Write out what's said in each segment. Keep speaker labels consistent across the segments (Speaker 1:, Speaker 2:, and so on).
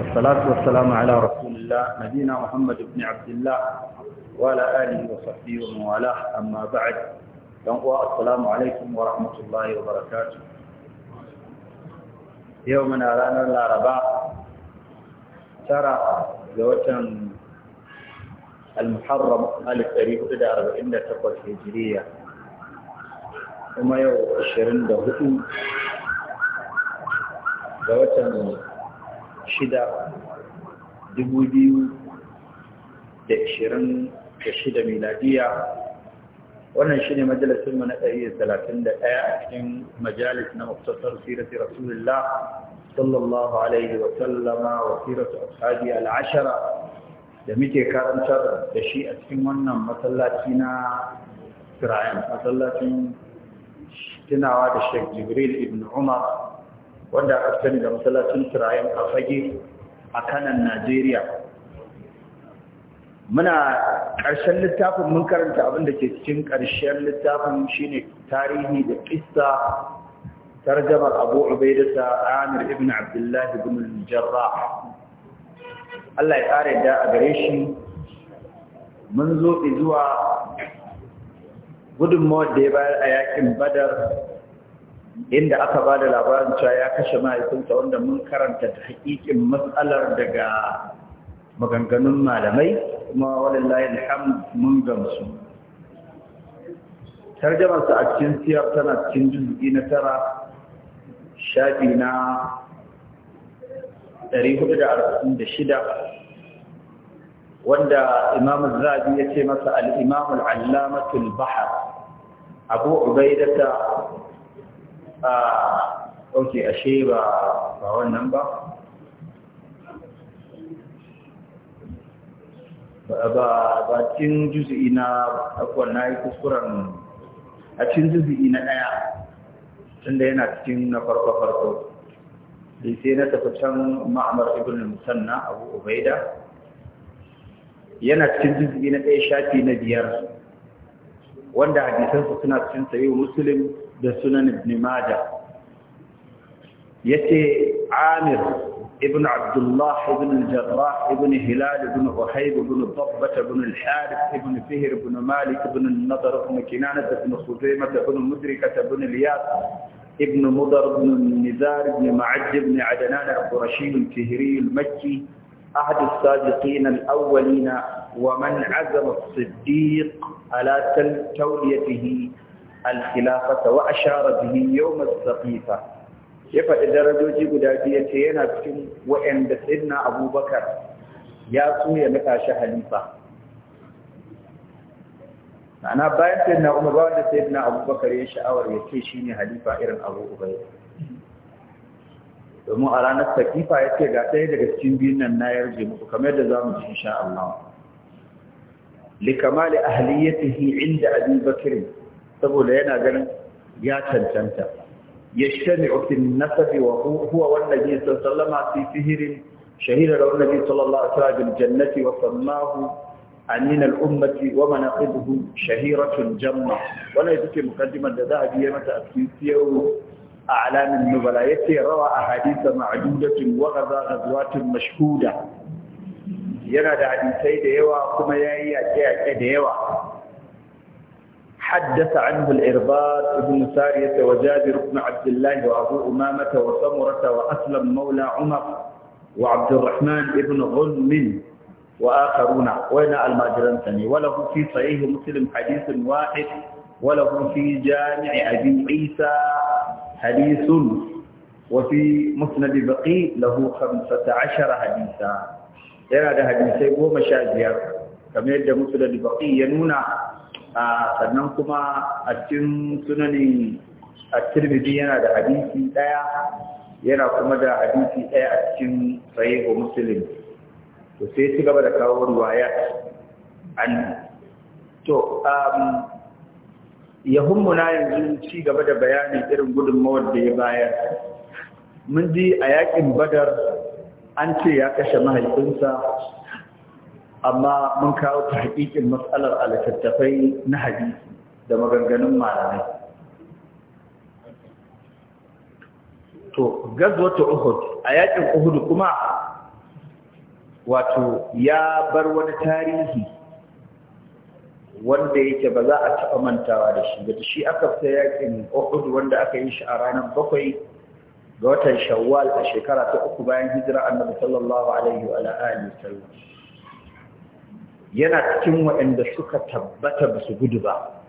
Speaker 1: والصلاة والسلام على رسول الله نبينا محمد بن عبد الله وعلى آله وصحبه ومن والاه أما بعد السلام عليكم ورحمة الله وبركاته يومنا أنا الأربعاء ترى زوجة المحرم 1448 هجرية kuma yau 24 ga زوجة shida dubu biyu da ishirin da shida miladiya wannan shi ne majalisunmu na ɗari da talatin da ɗaya a cikin majalis na muktasar sirati rasulullah sallallahu alaihi wa sallama wa siratu ashabi al'ashara da muke karantar da shi a cikin wannan masallaci na Fir'ayan masallacin tunawa da Sheikh Jibril ibn Umar wanda aka sani da masallacin turayen a fage a kanan najeriya muna ƙarshen littafin mun karanta abin da ke cikin ƙarshen littafin shine tarihi da ƙissa tarjamar abu ubaidata amir ibn abdullahi ibn jarrah Allah ya ƙara da a gare shi mun zo zuwa gudunmawar da ya bayar a yakin badar inda aka ba da labarin cewa ya kashe mahaifinsa wanda mun karanta ta hakikin matsalar daga maganganun malamai kuma layin alhamd mun gamsu tarjamarsa a cikin siyar tana cikin jirgi na tara shaɗi na 446 wanda imam zabi ya ce masa alimamul al'allamatul bahar abu ubaidata Ah, ok ashe ba ba wannan ba ba ba cin juzi'i na akwai na yi kuskuren a cin juzi'i na ɗaya tunda yana cikin na farko-farko da sai na tafi can ma'amar ibn musanna abu ubaida yana cikin juzi'i na ɗaya shafi na biyar wanda hadisansa suna cikin sayi musulun. da sunan ibn Majah yace Amir ibn Abdullah ibn al-Jarrah ibn Hilal ibn Uhayb ibn Tabbah ibn al-Harith ibn Fihr ibn Malik ibn al-Nadr ibn Kinana ibn Khuzaimah ibn Mudrikah ibn Iyad ابن مضر بن النزار بن معد بن عدنان القرشي الكهري المكي أحد السابقين الأولين ومن عزم الصديق على توليته al-khilafata wa ashara bihi yawm az-zaqifa ya faɗi darajoji guda biyu ce yana cikin wa'anda sayyidina Abubakar ya tsuya ya shi halifa ana bayan sayyidina Umar ba wanda sayyidina Abubakar ya sha'awar ya ce shine halifa irin Abu Ubayd domin a ranar sakifa ya ce ga ɗaya daga cikin biyun nan na yarje muku kamar yadda za mu ji insha Allah likamali ahliyatihi inda Abi Bakr saboda yana ganin ya cancanta ya fi an-nasabi wa huwa wan nabiy fi sihrin shahira da nabiy sallallahu alaihi wasallam jannati wa sammahu amin al-ummati wa manaqibuhu shahiratun jamma wannan ita ce mukaddimar da za a biya mata a cikin siyaru a alamin nubala yace rawa ahadith ma'dudatun wa ghazawatun mashhuda yana da hadisai da yawa kuma yayi yaƙe-yaƙe da yawa حدث عنه الإرباط بن سارية وجابر بن عبد الله وأبو أمامة وثمرة وأسلم مولى عمر وعبد الرحمن بن غنم وآخرون وين الماجران ثاني وله في صحيح مسلم حديث واحد وله في جامع أبي عيسى حديث وفي مسند بقي له خمسة عشر حديثا يعني هذا حديث هو مشاهد كما يدى مسند بقي ينونا sannan kuma a cikin sunanin a tirmidhi yana da hadisi ɗaya, yana kuma da hadisi ɗaya a cikin sahihu muslim to sai ci gaba da kawo riwayat an to um yahummuna yanzu ci gaba da bayani irin gudunmawar da ya bayar mun ji a yakin badar an ce ya kashe mahaifinsa amma mun kawo ta hakikin matsalar a littattafai na hadisi da maganganun malamai to wata uhud a yakin uhud kuma wato ya bar wani tarihi wanda yake ba za a taɓa mantawa da shi da shi aka fita yakin uhud wanda aka yi shi a ranar bakwai ga watan shawwal a shekara ta uku bayan hijira annabi sallallahu alaihi wa sallam yana cikin waɗanda suka tabbata ba su gudu ba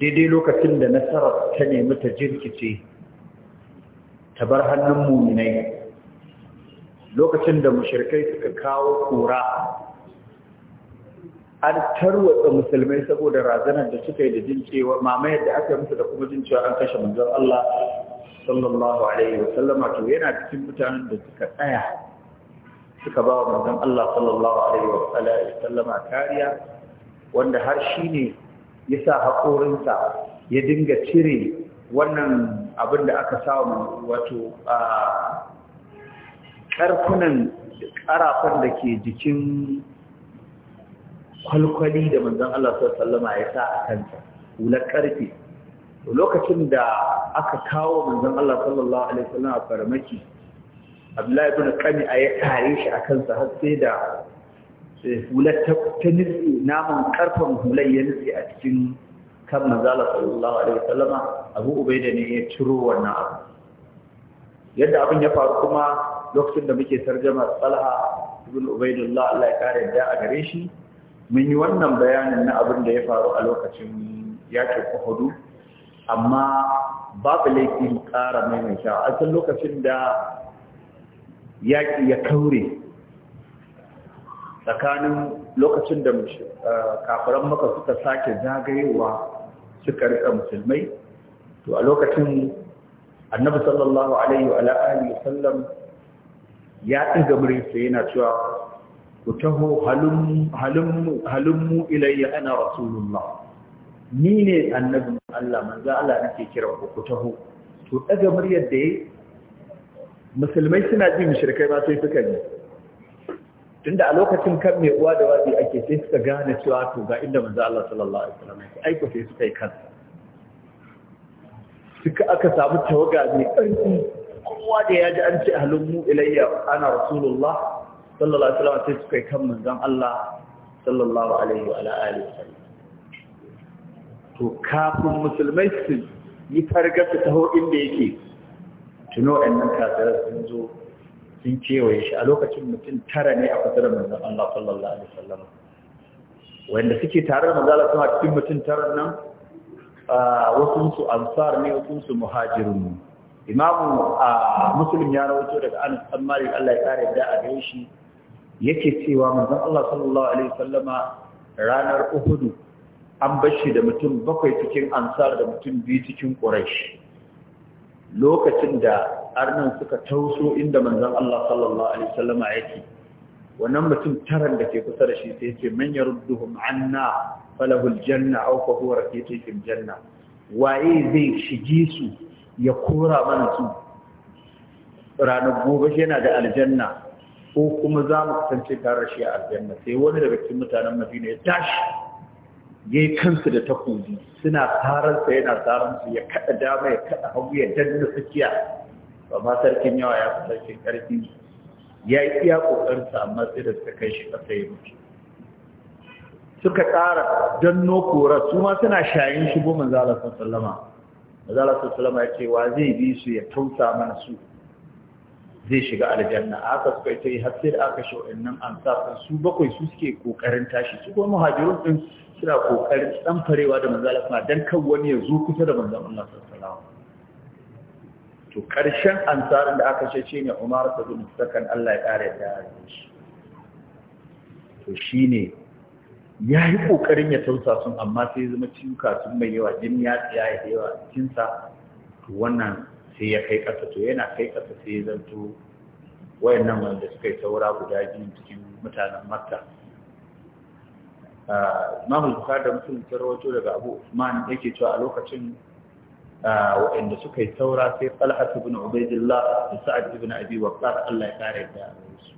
Speaker 1: daidai lokacin da nasarar ta nemi ta jirkice ta bar hannun muminai lokacin da mashirkai suka kawo kura an tarwatsa musulmai saboda razanar da suka yi da jincewa mamayar da aka yi musu da kuma jincewa an kashe manzon Allah sallallahu alaihi Wasallama. to yana cikin mutanen da suka tsaya suka ba wa manzon Allah sallallahu alaihi wa sallama kariya wanda har shi ne ya sa haƙorinsa ya dinga cire wannan abin da aka sa wato a ƙarfunan ƙarafan da ke jikin kwalkwali da manzon Allah sallama ya sa a kanta hular ƙarfe lokacin da aka kawo manzon Allah sallallahu alaihi Wasallama a farmaki abdullahi ibn qami ya kare shi a kansa har sai da eh, hular ta nitsi naman karfan hular ya nufi a cikin kan manzala sallallahu alaihi wasallama abu ubaida ne ya ciro wannan abu yadda abin ya faru kuma lokacin da muke tarjama salha ibn ubaidullah Allah ya kare da a gare shi mun yi wannan bayanin na abin da ya faru a lokacin yakin uhudu amma babu laifin ƙara maimaita a lokacin da yaƙi ya kaure tsakanin lokacin da uh, kafiran maka suka sake zagayewa suka rika musulmai to a lokacin annabi sallallahu alaihi wa alihi sallam ya ɗiga murinsa yana cewa ku taho halummu ilayya ana rasulullah ni ne annabin Allah manzo Allah nake kira ku ku taho to ɗaga muryar da yayi musulmai suna ji mushrikai ba sai suka ji tunda a lokacin kan mai uwa da wazi ake sai suka gane cewa to ga inda manzo Allah sallallahu alaihi wasallam ya aika sai suka yi kansa suka aka samu tawaga mai karfi kowa da ya ji an ce ahlun mu ilayya ana rasulullah sallallahu alaihi wasallam sai suka yi kan manzon Allah sallallahu alaihi wa alihi wasallam to kafin musulmai su yi fargaba taho inda yake tuno nan kafirar sun zo sun kewaye shi a lokacin mutum tara ne a kusa da manzan Allah sallallahu alaihi wasallam wanda suke tare da manzan Allah cikin mutum tara nan wasu su ansar ne wasu su muhajirun imamu a muslim ya rawaito daga Anas bin Allah ya kare da a gare shi yake cewa manzan Allah sallallahu alaihi wasallama ranar Uhud an bar shi da mutum bakwai cikin ansar da mutum biyu cikin Quraysh lokacin da arnan suka tauso inda manzon Allah sallallahu alaihi wasallama yake wannan mutum taron da ke kusa da shi sai yace man yarudduhum anna falahu janna, aw huwa janna waye zai shige su ya kora mana su ranar gobe yana da aljanna ko kuma za mu kasance tare da shi a aljanna sai wani daga cikin mutanen Madina ya tashi ya yi kansu da takobi suna tsararsa yana su ya kada dama ya kada hagu ya danna tsakiya ba ma sarkin yawa ya fi sarkin ƙarfi ya yi iya ƙoƙarinsa amma sai da suka kai shi ƙasa ya mutu suka ƙara danno kora su ma suna shayin shigo manzala sallama manzala sallama ya ce wa zai bi su ya tausa mana su zai shiga aljanna aka suka yi ta yi har sai da aka shi wa'annan sa su bakwai su suke ƙoƙarin tashi su kuma muhajirun kira kokarin tsamfarewa da manzo Allah dan kan wani ya zo kusa da manzo Allah sallallahu to karshen ansarin da aka ce ne Umar bin Sakan Allah ya kare da shi to shine ya yi kokarin ya tausa sun amma sai zama ciwuka sun mai yawa jin ya tsaya ya yawa cikinsa to wannan sai ya kai ƙasa to yana kai ƙasa sai ya zanto wayannan wanda suka yi saura guda biyu cikin mutanen makka Imam Bukhari da Muslim sun daga Abu Usman yake cewa a lokacin waɗanda suka yi saura sai Talha ibn Ubaidillah da Sa'ad ibn Abi Waqqas Allah ya kare da su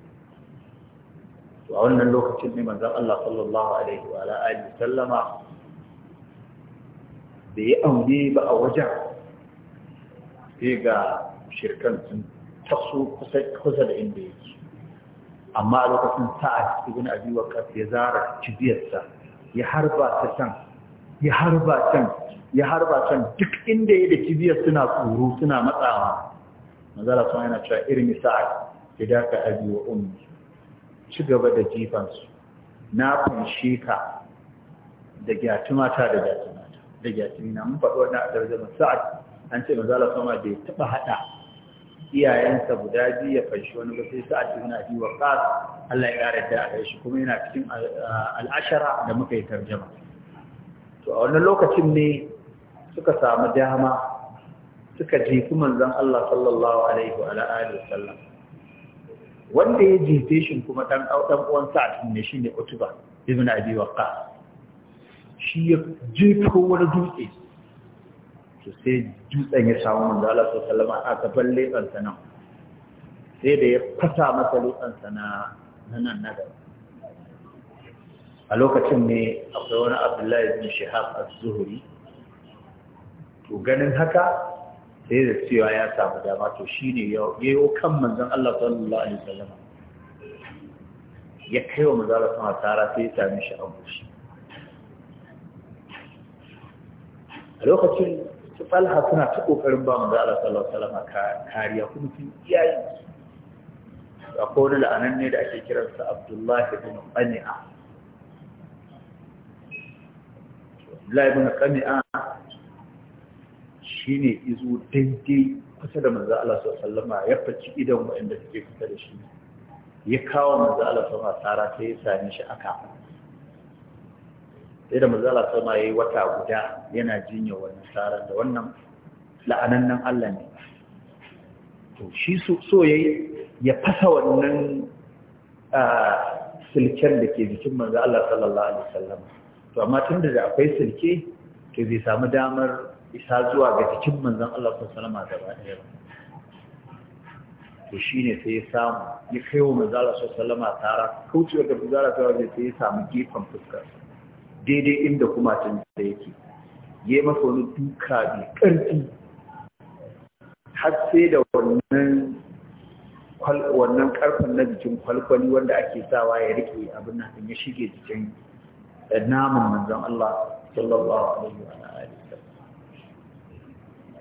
Speaker 1: to a wannan lokacin ne manzon Allah sallallahu alaihi wa alihi sallama da ya aure ba a wajen sai ga shirkan sun taso kusa da inda yake amma a lokacin sa'ad ibn abi waqas ya zara cibiyarsa ya harba ta can ya harba can ya harba can duk inda ya da cibiyar suna tsoro suna matsawa mazara sun yana cewa irin sa'ad sa'a ya ka abi wa ci gaba da jifansu na kunshe ka da mata da mata da na mun faɗo na a sa'ad an ce manzala sama bai taɓa haɗa iyayensa guda biyu ya fanshi wani ba sai sa'ad ibn abi waqas Allah ya kare da a shi kuma yana cikin uh, al'ashara da muka yi tarjama. to a wannan lokacin ne suka samu dama suka jefi manzon Allah sallallahu alaihi wa alihi wasallam wanda ya jefe shi kuma dan dan uwan sa'ad ne shine Utba ibn Abi Waqqas shi ya jefo wani dutse to sai dutsen ya samu da Allah sallallahu alaihi a gaban leɓansa nan sai da ya fasa masa leɓansa na nan na a lokacin ne akwai wani abdullahi bin shahab az-zuhri to ganin haka sai da cewa ya samu dama to shine ya yayo kan manzon Allah sallallahu alaihi wasallam ya kai wa manzon Allah tara sai ya sami shi a a lokacin su falha suna ta kokarin ba mu da Allah sallallahu alaihi wasallam kariya kuma sun iyayen akwai wani la'anan ne da ake kiransa Abdullahi bin Qani'a Abdullahi bin Qani'a shine izo daidai kusa da manzo Allah sallallahu alaihi wasallam ya faci idan waɗanda suke kusa da shi ya kawo manzo Allah sallallahu alaihi wasallam sara sai ya same shi aka sai da manzala ma yayi wata guda yana jinya wannan tsara. da wannan la'anannan Allah ne to shi so yayi ya fasa wannan silken da ke jikin manzo Allah sallallahu alaihi wasallam to amma tunda da akwai silke to zai samu damar isa zuwa ga jikin manzon Allah sallallahu alaihi wasallam gaba ɗaya to shi ne sai ya samu ya kai wa alaihi wasallam tara kaucewar da manzala ta waje sai ya samu gefen fuskar daidai inda kuma da yake ya masa wani duka mai ƙarfi har sai da wannan wannan karfin na jikin kwalkwali wanda ake sawa ya rike abin na ya shige jikin naman manzon Allah sallallahu alaihi wa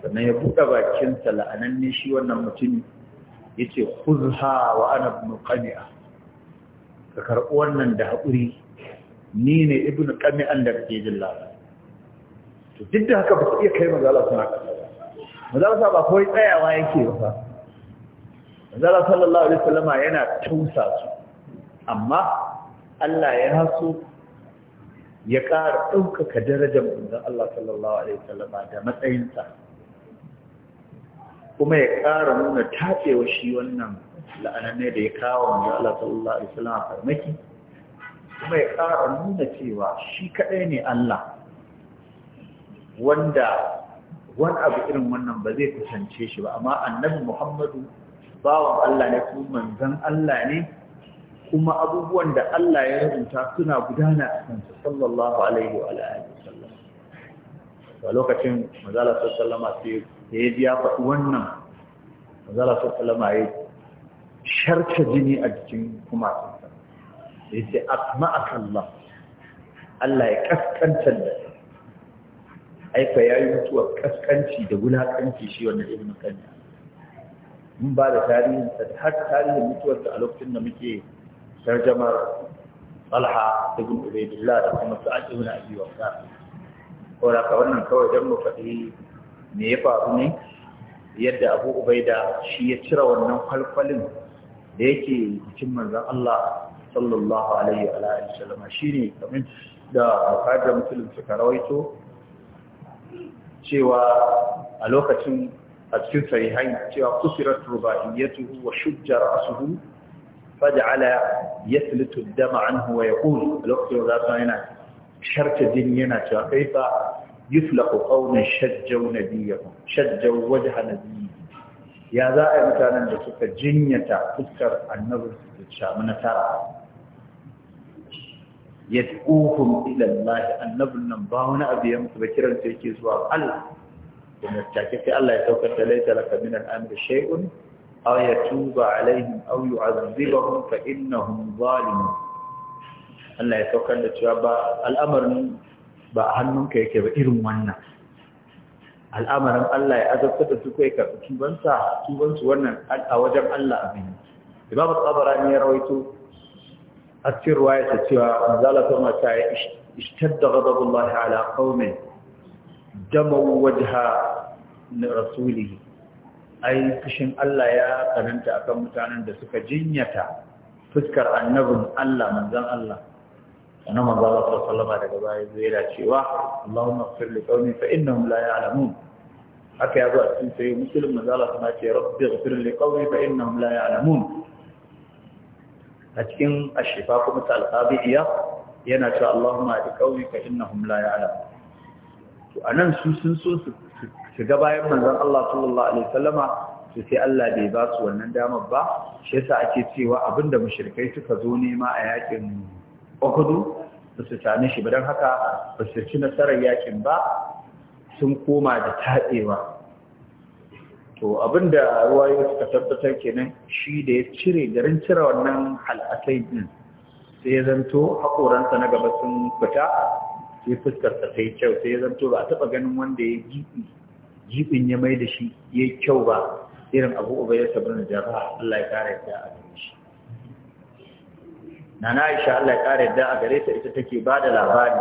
Speaker 1: sannan ya buɗe bakinsa la'ananne shi wannan mutum yace huzha wa ana ibn qani'a ka karɓi wannan da haƙuri ni ne ibn qami'an da kake jin labarin to duk da haka ba su iya kai mazala suna suna manzo sa ba kawai tsayawa yake ba manzo sallallahu alaihi wasallam yana tausa su amma Allah ya haso ya ƙara ɗaukaka darajar manzo Allah sallallahu alaihi wasallam da matsayinsa kuma ya ƙara nuna taɓewa shi wannan la'ananne da ya kawo manzo Allah sallallahu alaihi wasallam farmaki kuma ya ƙara nuna cewa shi kaɗai ne Allah wanda wani abu irin wannan ba zai kusance shi ba amma annabi Muhammadu bawan Allah ne kuma manzon Allah ne kuma abubuwan da Allah ya rubuta suna gudana a kansa sallallahu alaihi wa alihi wasallam a lokacin manzala sallama sai ya biya faɗi wannan manzala sallama ya sharta jini a jikin kuma ya ce asma'aka Allah Allah ya kaskantar da aika ya yi mutuwar kaskanci da wulakanci shi wannan ibn kanya mun ba da tarihinsa da har tarihin mutuwarsa a lokacin da muke tarjamar talha ibn ubaidillah da kuma sa'ad ibn abi Ko da ka wannan kawai dan mu faɗi me ya faru ne yadda abu ubaida shi ya cire wannan kwalkwalin da yake cikin manzon Allah sallallahu alaihi wa alihi wasallam shine kamar da bukatar mutum suka rawaito cewa a lokacin a cikin sahihain cewa kusirat rubaiyatuhu wa shujja ra'suhu faj'ala yaslitu ad-dama anhu wa yaqul a lokacin da sa yana sharta jini yana cewa kaifa yuflaqu qawmin shajjaw nabiyahum shajjaw wajha nabiyahum ya za a yi mutanen da suka jinyata fuskar annabi da na tara? ya tsohon ilallahi annabin nan ba wani abu ya mutu ba kiran sai ke zuwa Allah kuma take sai Allah ya saukar da laita laka min al'amri shay'un aw yatuba alaihim aw yu'adhibahum fa innahum zalimun Allah ya saukar da cewa ba al'amarin ba hannunka yake ba irin wannan al'amarin Allah ya azabta da suka kai karɓi tubansa tubansu wannan a wajen Allah abin imam al-tabarani ya rawaito a cikin ruwaya ta cewa manzala ta mata ya ishtadda ghadabullah ala qaumin dama wajha rasuli ai fushin Allah ya tsananta akan mutanen da suka jinyata fuskar annabin Allah manzon Allah أنا ما ظل صلى الله عليه وسلم إلى شواء اللهم اغفر inna فإنهم لا يعلمون haka ya zo a cikin sayi musulun mazala suna ce rabbi ghafir li qawmi inna innahum la ya'lamun a cikin ashifa kuma ta al iya yana cewa Allahumma adi qawmi fa innahum la ya'lamun to anan su sun so su shiga bayan manzon Allah sallallahu alaihi sallama, to sai Allah bai ba su wannan damar ba shi yasa ake cewa abinda mushrikai suka zo nema a yakin Ohudu ba su tani shi ba don haka ba su ci nasarar yakin ba sun koma da taɗewa to abinda ruwayo suka tabbatar kenan shi da ya cire garin cire wannan halakai din sai ya zanto haƙoransa na gaba sun fita sai fuskarsa ta yi kyau sai ya zanto ba a taɓa ganin wanda ya jiɓi jibin ya mai da shi ya kyau ba irin abu uba ya sabu na Allah ya kare ta na aisha isha Allah ya da a gare ta ita take ba da labari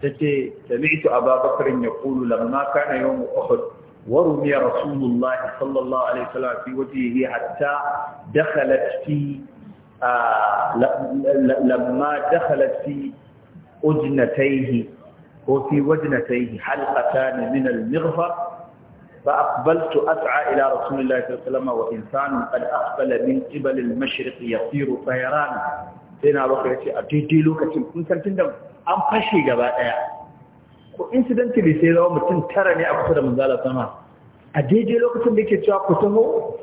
Speaker 1: ta ce sami'tu ababakarin ya kulu lamma kana yawon uhud wa rumiya rasulullah sallallahu alaihi wasallam fi wajhihi hatta dakhalat fi lamma dakhalat fi ujnatayhi ko fi wajnatayhi halqatan min al-mighfar فأقبلت أسعى إلى رسول الله صلى الله عليه وسلم وإنسان قد أقبل من قبل المشرق يطير طيران sai na baka ya ce a daidai lokacin kun san tun da an fashe gaba ɗaya ko incidentally sai zama mutum tara ne a kusa da manzala sama a daidai lokacin da yake cewa ku taho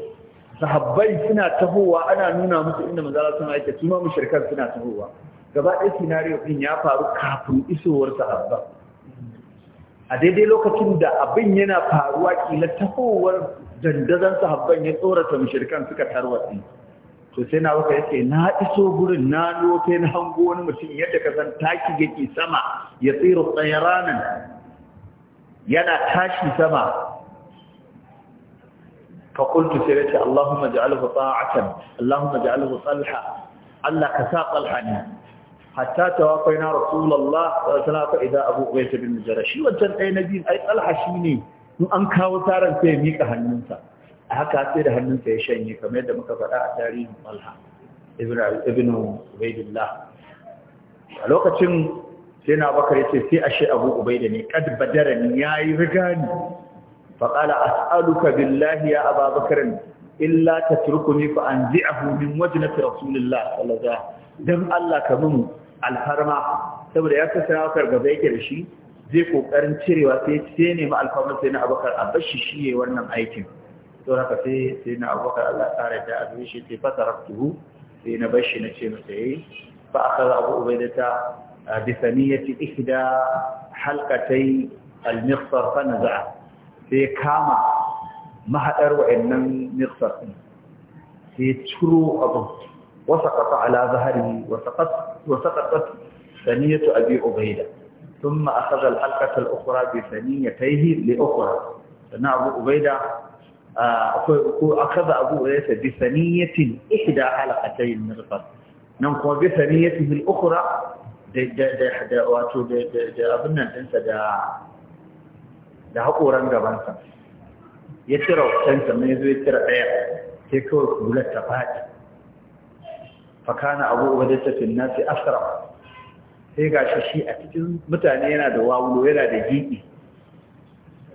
Speaker 1: sahabbai suna tahowa ana nuna musu inda manzala sama yake su ma shirkar suna tahowa gaba ɗaya scenario ɗin ya faru kafin isowar sahabba a daidai lokacin da abin yana faruwa kila tahowar dandazon sahabban ya tsorata mushrikan suka tarwatsi to sai na baka yace na iso gurin na lokai na hango wani mutum yadda ka san taki yake sama ya tsira tsayaranan yana tashi sama fa qultu sai yace Allahumma ja'alhu ta'atan Allahumma ja'alhu salha Allah ka sa salha ne hatta tawafaina rasulullah sallallahu alaihi wasallam idza abu ubayt bin jarrah shi wancan dai nabi ai salha shine in an kawo taran sai ya mika hannunsa a haka sai da hannunsa ya shanye kamar yadda muka faɗa a tarihin malha ibn ubaidillah a lokacin sai na bakar ya ce sai ashe abu ubaida ne kad badara ya yi riga ni faƙala as'aluka billahi ya aba bakarin illa ta turkuni fa an ji min wajinata rasulullah sallallahu don allah ka mun alfarma saboda ya kasa ya bakar gaba yake da shi zai kokarin cirewa sai sai nemi alfarma sai na abakar a bashi shi wannan aikin to haka sai sai na abubakar Allah ta a shi sai fataraftuhu sai na bar shi na ce masa yayi fa akhadha abu ubaidata bi saniyati ihda halqatay al-miqsar fa naza'a sai kama mahadar wa'annan miqsar din sai ciro abu وسقط على ظهره وسقط وسقطت ثنية أبي عبيدة ثم أخذ الحلقة الأخرى بثنيتيه لأخرى فنعم أبو عبيدة akwai ko akaza abu yasa bi saniyatin ihda halaqatay al-mirfaq nan ko bi saniyatihi al-ukhra da da da wato da da abin nan dinsa da da hakoran gaban sa ya tira wancan ne zai tira daya sai kawai kulat ta fadi fa kana abu urayta fi an nasi asra sai gashi shi a cikin mutane yana da wawulo yana da gidi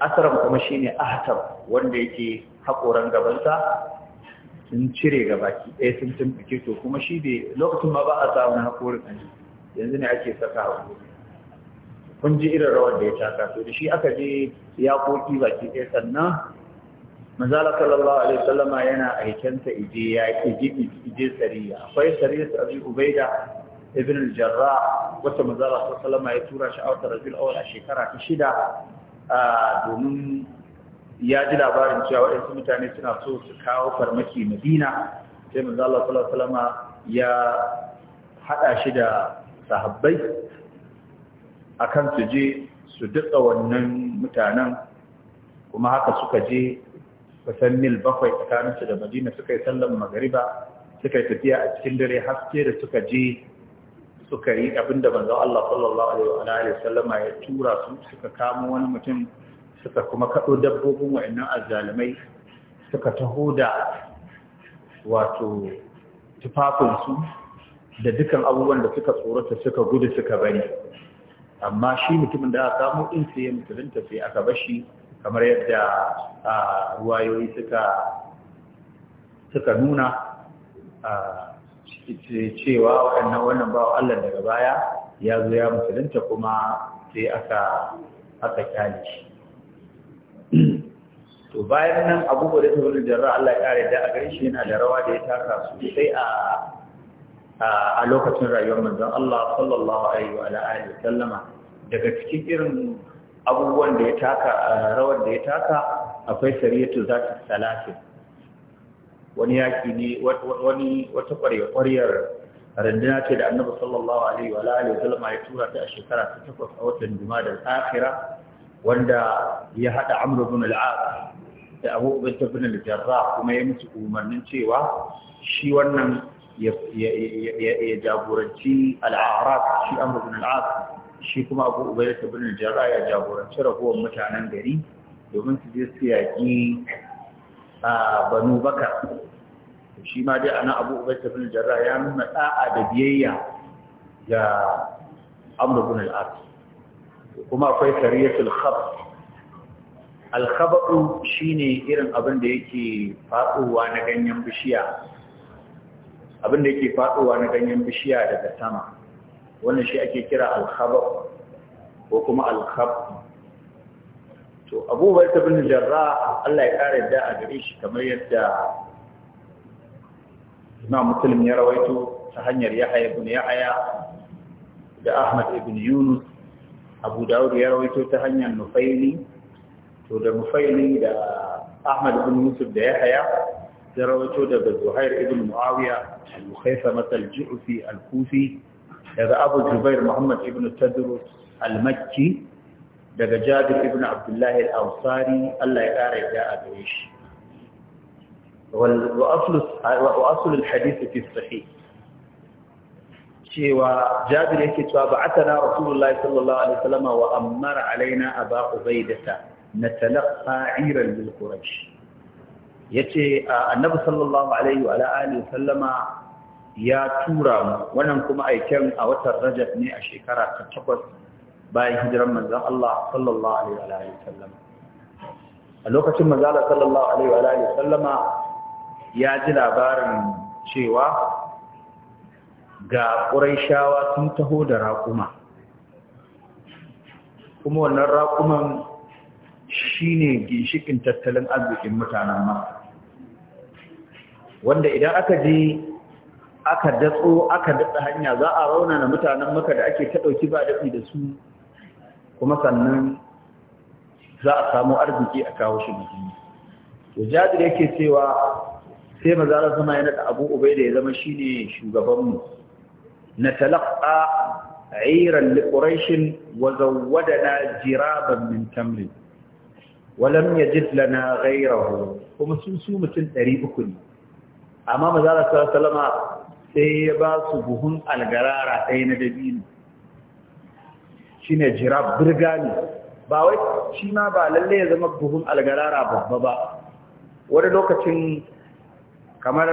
Speaker 1: asram kuma shine ahtar wanda yake haƙoran gabansa sun cire gabaki ɗaya sun tumɓuke to kuma shi da lokacin ma ba a sa wani haƙorin yanzu ne ake saka haƙori kun ji irin rawar da ya taka to da shi aka je ya koki baki ɗaya sannan manzala sallallahu alaihi wasallama yana aikensa ije ya ije ije sariya akwai sariya su abi ubaida ibn al-jarrah wata manzala sallallahu alaihi wasallama ya tura shi a wata rabiul awwal a shekara ta shida domin ya ji labarin cewa waɗansu mutane suna so su kawo farmaki madina sai manzo Allah sallallahu alaihi wasallam ya hada shi da sahabbai akan su je su duka wannan mutanen kuma haka suka je kusan mil bakwai tsakaninsu da madina suka yi sallan magariba suka yi tafiya a cikin dare haske da suka je suka yi abinda manzo Allah sallallahu alaihi wa alihi ya tura su suka kamo wani mutum suka kuma kaɗo dabbobin wa'annan azalimai, suka taho da wato tufafinsu da dukan abubuwan da suka tsorata suka gudu suka bari amma shi mutumin da aka samu ɗin sai ya musulunta sai aka bashi kamar yadda ruwayoyi suka nuna cewa waɗannan wannan bawa Allah daga baya ya zo ya musulunta kuma sai aka aka kyale shi to bayan nan abubuwa da tabbata da ra Allah ya kare da a gare shi yana da rawa da ya taka sosai a a lokacin rayuwar manzon Allah sallallahu alaihi wa alihi sallama daga cikin irin abubuwan da ya taka rawar da ya taka akwai sariyatu zati salatin wani yaki ne wani wata ƙwarewar randuna ce da annabi sallallahu alaihi wa alihi sallama ya tura ta a shekara ta takwas a watan Juma'a da akhira wanda ya hada amru bin al-as da abu bin ibn al-jarrah kuma ya musu umarnin cewa shi wannan ya jagoranci al shi amru bin al shi kuma abu ubayda ibn al jarra ya jagoranci ragowar mutanen gari domin su je su yaƙi a banu bakar shi ma dai ana abu ubayda ibn al-jarrah ya nuna da'a da biyayya ga amru bin al kuma akwai sariyatul khabar alkhabaru shine irin abin da yake faɗowa na ganyen bishiya abin da yake na ganyen bishiya daga sama wannan shi ake kira alkhabar ko kuma alkhab to ta bin jarra Allah ya ƙara yadda a gare shi kamar yadda imam muslim ya rawaito ta hanyar yahaya ibn yahaya da ahmad ibn yunus abu dawud ya rawaito ta hanyar nufaili to da nufaili da ahmad ibn yusuf da yahya ya rawaito daga zuhair ibn muawiya al-khayfa matal ju'fi al-kufi daga abu jubair muhammad ibn tadrus al-makki daga jabir ibn abdullah al-ansari Allah ya kare da a gare shi wal wa aslu wa aslu al-hadith fi sahih cewa jabir yake cewa ba atana rasulullahi sallallahu alaihi wasallam wa ammara alaina aba ubaidata natalaqqa iran bil quraish yace annabi sallallahu alaihi wa alihi wasallama ya tura mu wannan kuma aiken a watan rajab ne a shekara ta takwas bayan hijiran manzon Allah sallallahu alaihi wa alihi wasallama a lokacin manzon Allah sallallahu alaihi wa alihi wasallama ya ji labarin cewa ga ƙuraishawa sun taho da raƙuma kuma wannan raƙuman shi ne ginshikin tattalin arzikin mutanen ma wanda idan aka ji aka datso aka datsa hanya za a na mutanen maka da ake ta ɗauki ba daɗi da su kuma sannan za a samu arziki a kawo shi mutum to jadir yake cewa sai maza Allah sama yana da Abu ubai da ya zama shi shine shugabanmu نتلقى عيرا لقريش وزودنا جرابا من تمر ولم يجد لنا غيره ومسوسو متن دري uku ne amma manzala sallallahu sai ya ba su buhun algarara ɗaya na dabino shine jirab birgani ba wai shi ma ba lalle ya zama buhun algarara babba ba wani lokacin kamar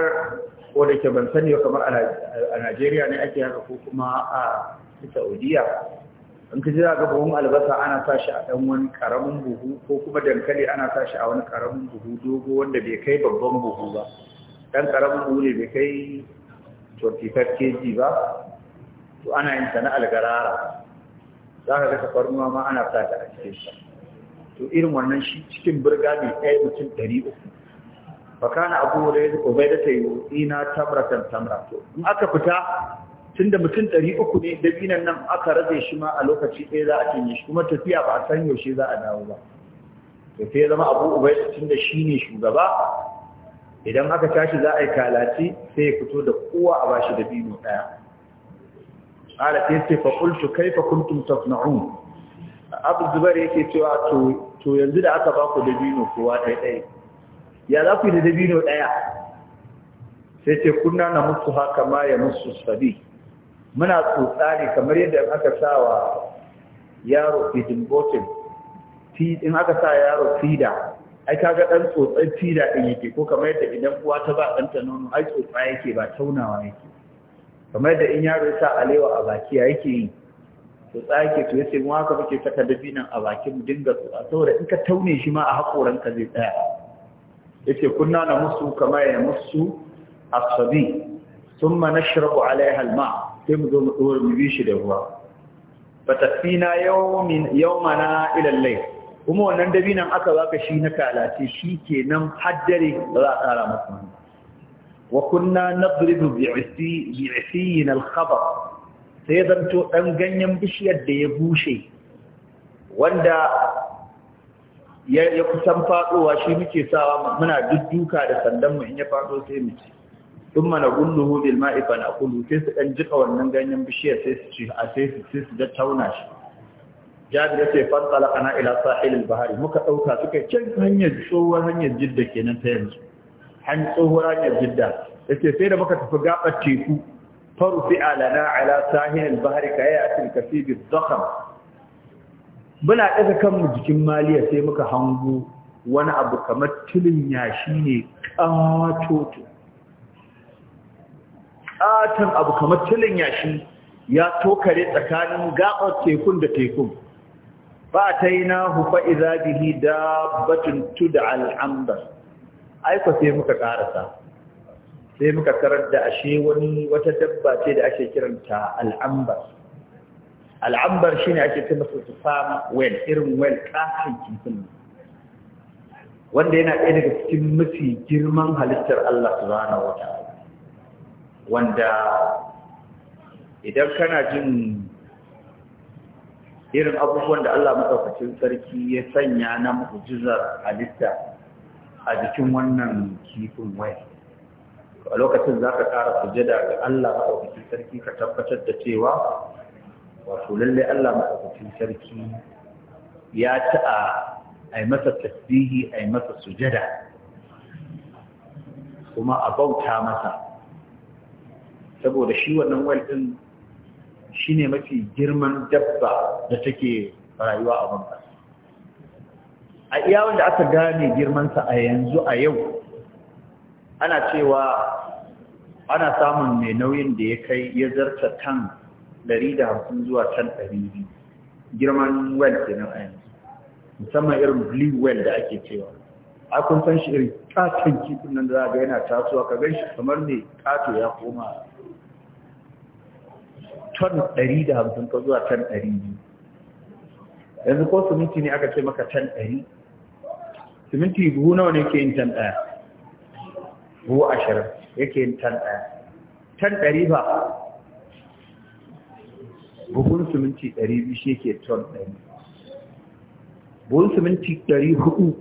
Speaker 1: ko da ke ban sani kamar a Najeriya ne ake haka ko kuma a Saudiya in ka jira ga buhun albasa ana sa shi a ɗan wani ƙaramin buhu ko kuma dankali ana sa shi a wani ƙaramin buhu dogo wanda bai kai babban buhu ba ɗan ƙaramin buhu ne bai kai 25 kg ba to ana yin sa na algarara za ka ga tafarnuwa ma ana sa ta a cikin sa to irin wannan shi cikin birga mai ɗaya mutum ɗari uku bakana abu hurairu ubaida ta ina tamratan tamrato in aka fita tunda mutum 300 ne binan nan aka rage shi ma a lokaci ɗaya za a cinye shi kuma tafiya ba a san yaushe za a dawo ba to sai zama abu da tunda shine shugaba idan aka tashi za a yi kalaci sai ya fito da kowa a bashi da dabino ɗaya ala sai ce fa qultu kaifa kuntum tasna'un abu zubair yake cewa to to yanzu da aka ba ku dabino kowa ɗaya ɗaya ya za ku yi da dabino ɗaya sai ce kunna na musu haka ma ya musu sabi muna tsotsa ne kamar yadda aka sa wa yaro fidin botin, in aka sa yaro fida ai kaga dan tsotsan fida din yake ko kamar yadda idan uwa ta ba ɗanta nono ai tsotsa yake ba taunawa yake kamar yadda in yaro ya sa alewa a baki yake yi tsotsa yake to yace mu haka muke saka dabinan a bakin mu dinga tsotsa saboda in ka taune shi ma a hakoran ka zai tsaya Yake kunna na musu kama ya musu asabi thumma nashrabu alaiha alma sai mu zo mu dora mu bi shi da ruwa Ba tafi na ila mana layl kuma wannan dabinan aka baka shi na kalace shikenan haddare za a tsara masa wa kunna nadribu bi'isi bi'isina al sai zanto ɗan ganyen bishiyar da ya bushe wanda ya kusan faɗowa shi muke sawa muna dudduka da sandan mu in ya faɗo sai mu ci sun mana gulluhu bil ma'i fa na sai su dan jika wannan ganyen bishiya sai su ci a sai su sai su da tauna shi jabir ya ce fan talaqana ila al bahari muka dauka suka can hanyar tsohuwar hanyar jidda kenan ta yanzu han tsohuwar hanyar jidda yace sai da muka tafi gabar teku faru fi alana ala al bahari kaya'atin kasibi muna daga kanmu jikin maliya sai muka hangu wani abu kamar tulin yashi ne katoto katon abu kamar tulin yashi ya tokare tsakanin gabar tekun da tekun ba ta yi na hufa izabihi dabbatun tuda al'ambar aiko sai muka ƙarasa. sai muka karar da ashe wani wata dabba ce da ake kiranta al'ambar al'ambar ne ake ce masu tufama wel irin wel ƙasar kifin wanda yana ɗaya daga cikin mafi girman halittar Allah su zana wata, wanda idan kana jin irin abubuwan da Allah maɗaukacin sarki ya sanya na mu'jizar halitta a jikin wannan kifin wel a lokacin za ka ƙara sujada ga Allah maɗaukacin sarki ka tabbatar da cewa wato lalle Allah madaukakin sarki ya ci a ai masa tasbihi ai masa sujada kuma a bauta masa saboda shi wannan wal shi shine mafi girman dabba da take rayuwa a banka a iya wanda aka gane girmansa a yanzu a yau ana cewa ana samun mai nauyin da ya kai ya zarta kan ɗari da hamsin zuwa can ɗari biyu girman well ke a yanzu musamman irin blue well da ake cewa a kun san shi irin katon kifin nan da za ga yana tasowa ka gan shi kamar ne kato ya koma ton ɗari da hamsin ka zuwa ton ɗari biyu yanzu ko siminti ne aka ce maka ton ɗari siminti buhu nawa ne ke yin ton ɗaya buhu ashirin yake yin ton ɗaya ton ɗari ba buhun siminti 200 shi ke ton ɗaya buhun siminti 400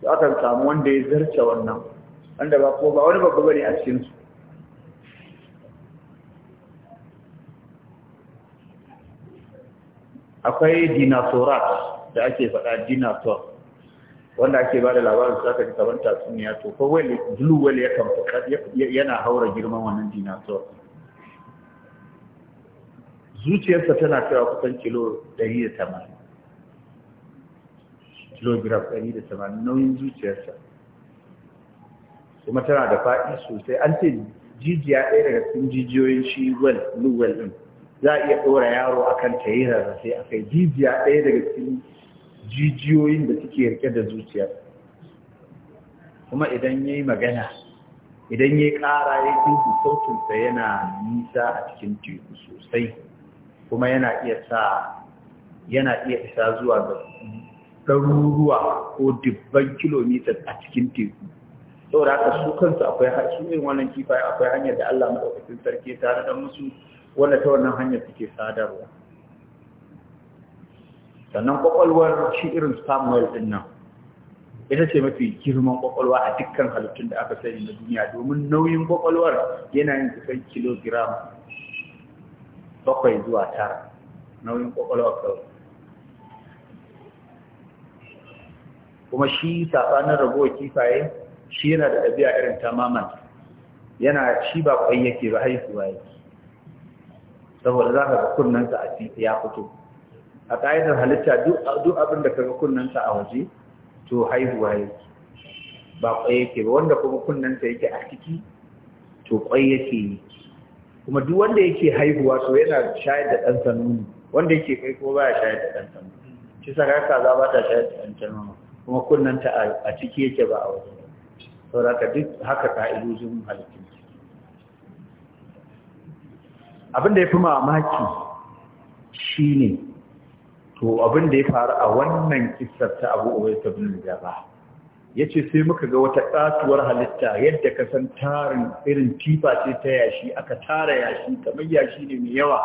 Speaker 1: su aka samu wanda ya zarce wannan wanda ba ko ba wani babba bane a cikinsu akwai dinasorat da ake faɗa dinasaur wanda ake ba da labarin su aka ji kamar tatsuniya to ko wani blue whale ya kamfa yana haura girman wannan dinasaur zuciyarsa tana cewa kusan kilo 180 kilogram 180 nauyin zuciyarsa kuma tana da faɗi sosai an ce jijiya ɗaya daga cikin jijiyoyin shi wal nuwel ɗin za a iya ɗora yaro a kan ta yi rarrafe a kai jijiya ɗaya daga cikin jijiyoyin da suke rike da zuciyar kuma idan ya yi magana idan ya yi ƙara ya yi sautinsa yana nisa a cikin teku sosai kuma yana iya sa yana iya isa zuwa ga ɗaruruwa ko dubban kilomita a cikin teku saboda haka su kansu akwai su irin wannan kifaye akwai hanyar da Allah madaukakin sarki tare da musu wanda ta wannan hanyar suke sadarwa sannan kwakwalwar shi irin samuel din nan ita ce mafi girman kwakwalwa a dukkan halittun da aka sani na duniya domin nauyin kwakwalwar yana yin kusan kilogiram bakwai zuwa tara nauyin kwakwalwa kawai kuma shi saɓanin ragowar kifaye shi yana da ɗabi'a irin ta maman yana shi ba kwai yake ba haihuwa yake saboda za ka ga kunnensa a titi ya fito a ƙa'idar halitta duk abin da ka ga kunnensa a waje to haihuwa yake ba kwai yake ba wanda kuma kunnensa yake a ciki to kwai yake yi kuma duk wanda yake haihuwa so yana shayar da ɗansa nuni wanda yake kai ko baya shayar da ɗansa nuni shi saka za ba ta shayar da ɗansa nuni kuma ta a ciki yake ba a waje sauraka duk haka ta ka'idojin halittu abin da ya fi mamaki shine to abin da ya faru a wannan kisar ta abu ubai ta bin ya ce sai muka ga wata ƙatuwar halitta yadda ka san tarin irin tifa ce ta yashi aka tara yashi kamar yashi ne mai yawa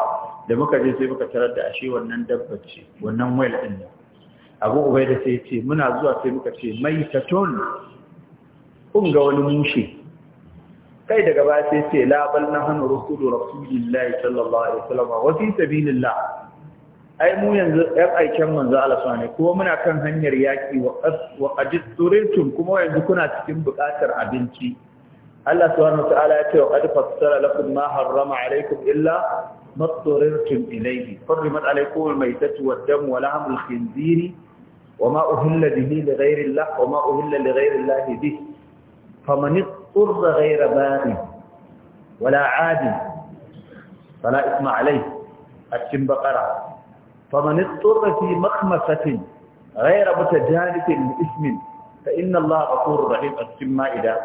Speaker 1: da muka je sai muka tarar da ashe wannan dabbaci wannan wayar ɗin nan abu ubai da sai ce muna zuwa sai muka ce mai ton? kun ga wani mushe kai daga ba sai ce labal na hannu rasulu rasulillahi sallallahu alaihi wasallam wa fi sabilillah ai mu yanzu ɗan aiken manzo Allah ne kuma muna kan hanyar yaƙi wa qad kuma yanzu kuna cikin buƙatar abinci Allah subhanahu wataala ya ce wa qad fassara lakum ma harrama alaykum illa ma turirtum ilayhi hurrimat alaykum al-maytatu wad-damu wa lahmu al-khinziri wa ma uhilla bihi li ghayri Allah wa ma uhilla li ghayri Allah bihi faman اضطر غير باغ ولا عاد فلا إثم عليه الشنبقرة فمن اضطر في مخمسة غير متجانف لإثم فإن الله غفور رحيم أسكن مائدة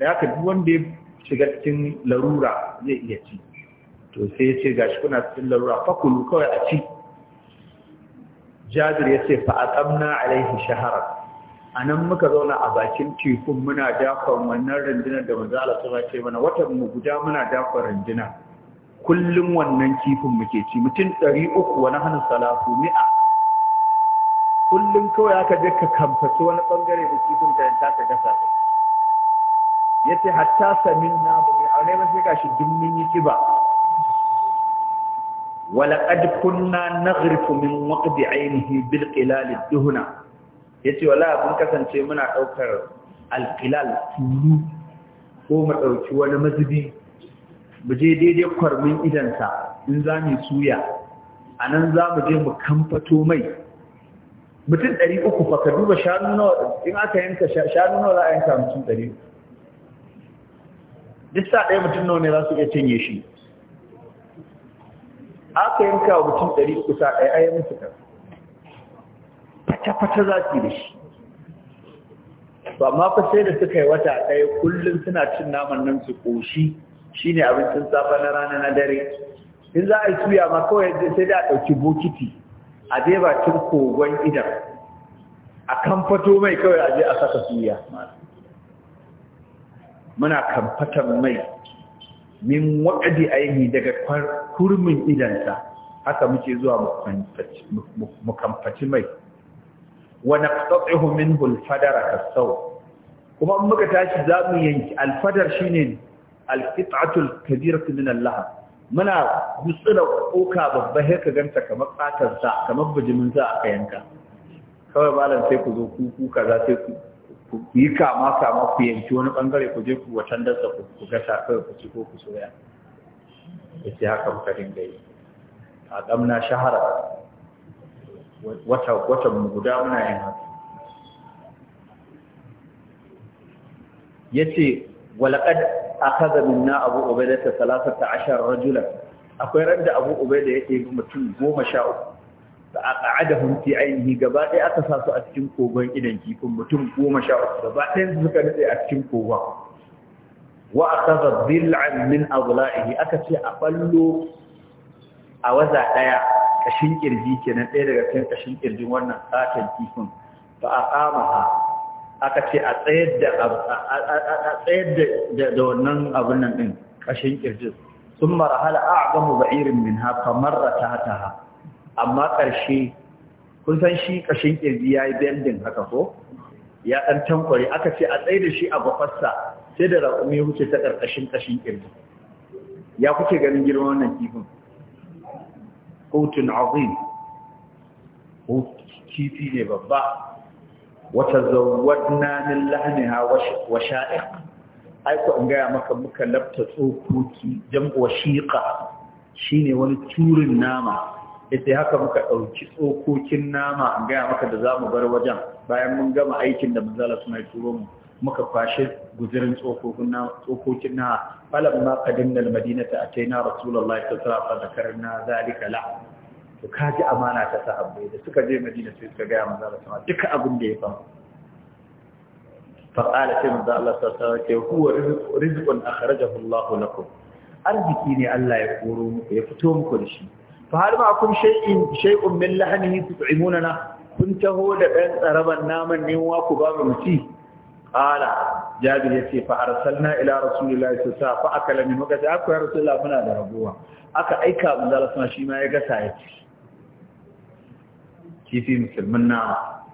Speaker 1: لكن هو اللي شغلتين لرورة زي يأتي to sai ya ce gashi kuna cikin larura fakulu kawai a ci jabir ya ce fa'aƙamna alaihi shahara a nan muka zauna a bakin tekun muna dakon wannan rundunar da manzala ta ce mana watan mu guda muna dakon rundunar kullum wannan kifin muke ci mutum ɗari uku wani hannun salatu mi'a kullum kawai aka je ka kamfaci wani ɓangare da kifin ka yanta ka gasa ta ya ce hatta samin na bane a wani masu gashi duk mun yi kiba wala qad kunna naghrifu min waqdi ainihi bil qilal duhna yace wala mun kasance muna daukar al qilal tulu ko mu dauki wani mazubi mu je daidai kwarmin idansa in za mu suya a nan za mu je mu kamfato mai mutum ɗari uku fa ka duba shanu nawa in aka yanka shanu nawa za a yanka mutum ɗari duk sa ɗaya mutum nawa ne za su iya cinye shi aka yanka wa mutum ɗari uku sa ɗaya ayyar musu ɗan fata-fata za su yi da shi ba ma fa sai da suka yi wata ɗaya kullum suna cin naman nan su ƙoshi shine abincin safe na rana na dare in za a yi suya ma kawai sai da a ɗauki bokiti a je bakin kogon idan a kamfato mai kawai a je a saka suya muna kamfatan mai min waɗadi aini daga kurmin idansa haka muke zuwa mu kamfaci mai wani tsatsihu min hulfadar a kasau kuma muka tashi za mu yanki alfadar shine alqit'atul kabiratu min Allah muna gutsura koka babba sai ka ganta kamar fatar sa kamar bijimin sa aka yanka kawai malam sai ku zo ku kuka za sai ku ku yi kama kama ku yanki wani bangare ku je ku watan da ku ku gasa kawai ku ci ko ku soya yace haka muka dinga yi a damna shahara wata wata guda muna yin haka yace walaqad akaza minna abu ubaidata ta ashar rajulan akwai randa abu ubaida ya ɗebi mutum goma sha uku da a ƙa'adahun fi ainihi gaba ɗaya aka sa su a cikin kogon idan kifin mutum goma sha uku gaba ɗaya su suka nutse a cikin kogon wa akaza zil'an min aka ce a ɓallo a waza ɗaya ƙashin ƙirji kenan ɗaya daga cikin ƙashin ƙirjin wannan katon kifin kama ha. aka ce a tsayar da wannan abin nan ɗin ƙashin ƙirjin sun marhala a gama ba'irin min ha kamar ta ta ha amma karshe kun san shi ƙashin ƙirji ya yi bendin haka ko ya ɗan tankwari aka ce a tsayar da shi a bafarsa sai da raƙumi wuce ta ƙarƙashin ƙashin ƙirji ya kuke ganin girman wannan kifin hutun azim kifi ne babba watazawwadna min lahniha wa sha'iq ai ko an gaya maka muka labta tsokoki jam'u shiqa shine wani turin nama yace haka muka dauki tsokokin nama an gaya maka da zamu bar wajen bayan mun gama aikin da manzala suna turo mu muka kwashe guzirin tsokokin nama tsokokin nama falamma qadimna almadinata ataina rasulullahi sallallahu alaihi wasallam fa zakarna zalika la to kaji amana ta sahabbai da suka je madina sai suka gaya manzo Allah sama duka abin da ya faru fa qala sai manzo Allah sallallahu alaihi huwa rizqun akhrajahu Allah lakum arziki ne Allah ya koro muku ya fito muku da shi fa har ma kun shay'in shay'un min lahnihi tut'imunana kun taho da dan tsaraban naman ne wa ku ba mu ci qala jabir yace fa arsalna ila rasulillahi sallallahu alaihi wasallam fa akala min muka ta ku rasulullah muna da rabuwa aka aika manzo Allah shi ma ya gasa ya ci kifi musulmin nama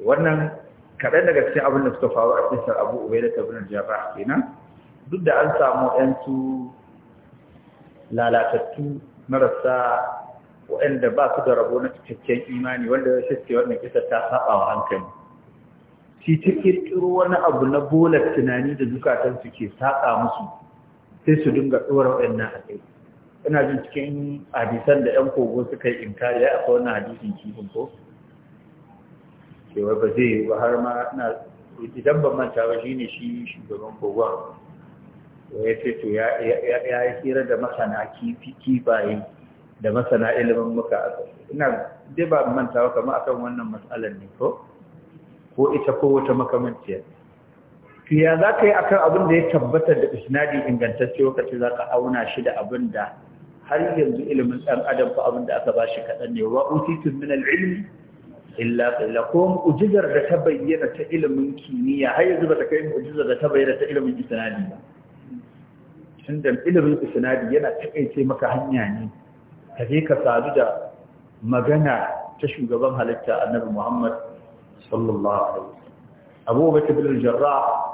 Speaker 1: wannan kaɗan daga cikin abin da suka faru a kisar abu ubai da tabirin jaba kenan duk da an samu yansu lalatattu marasa waɗanda ba su da rabo na cikakken imani wanda ya shaske wannan kisa ta saba wa hankali shi ta ƙirƙiro wani abu na bolar tunani da zukatansu ke saƙa musu sai su dinga ɗora waɗannan a ina jin cikin hadisan da 'yan kogo suka yi inkari ya akwai wannan hadisin kifin ko cewa ba zai yi ba har ma na idan ban manta ba shine shi shugaban kogon ya yi to ya yi hira da masana kifaye da masana ilimin muka aka ina dai ba manta ba kama akan wannan matsalar ne ko ko ita ko wata makamanciyar ya za ka yi akan abin da ya tabbatar da isnadi ingantacce lokaci za ka auna shi da abin da har yanzu ilimin ɗan adam fa abin da aka ba shi kaɗan ne wa utitun min al-ilmi illa ko da ta bayyana ta ilimin kimiyya har yanzu ba ta kai mu'jizar da ta bayyana ta ilimin isnadi ba tunda ilimin isnadi yana taƙaice maka hanya ne ka je ka sadu da magana ta shugaban halitta annabi Muhammad sallallahu alaihi wasallam Abu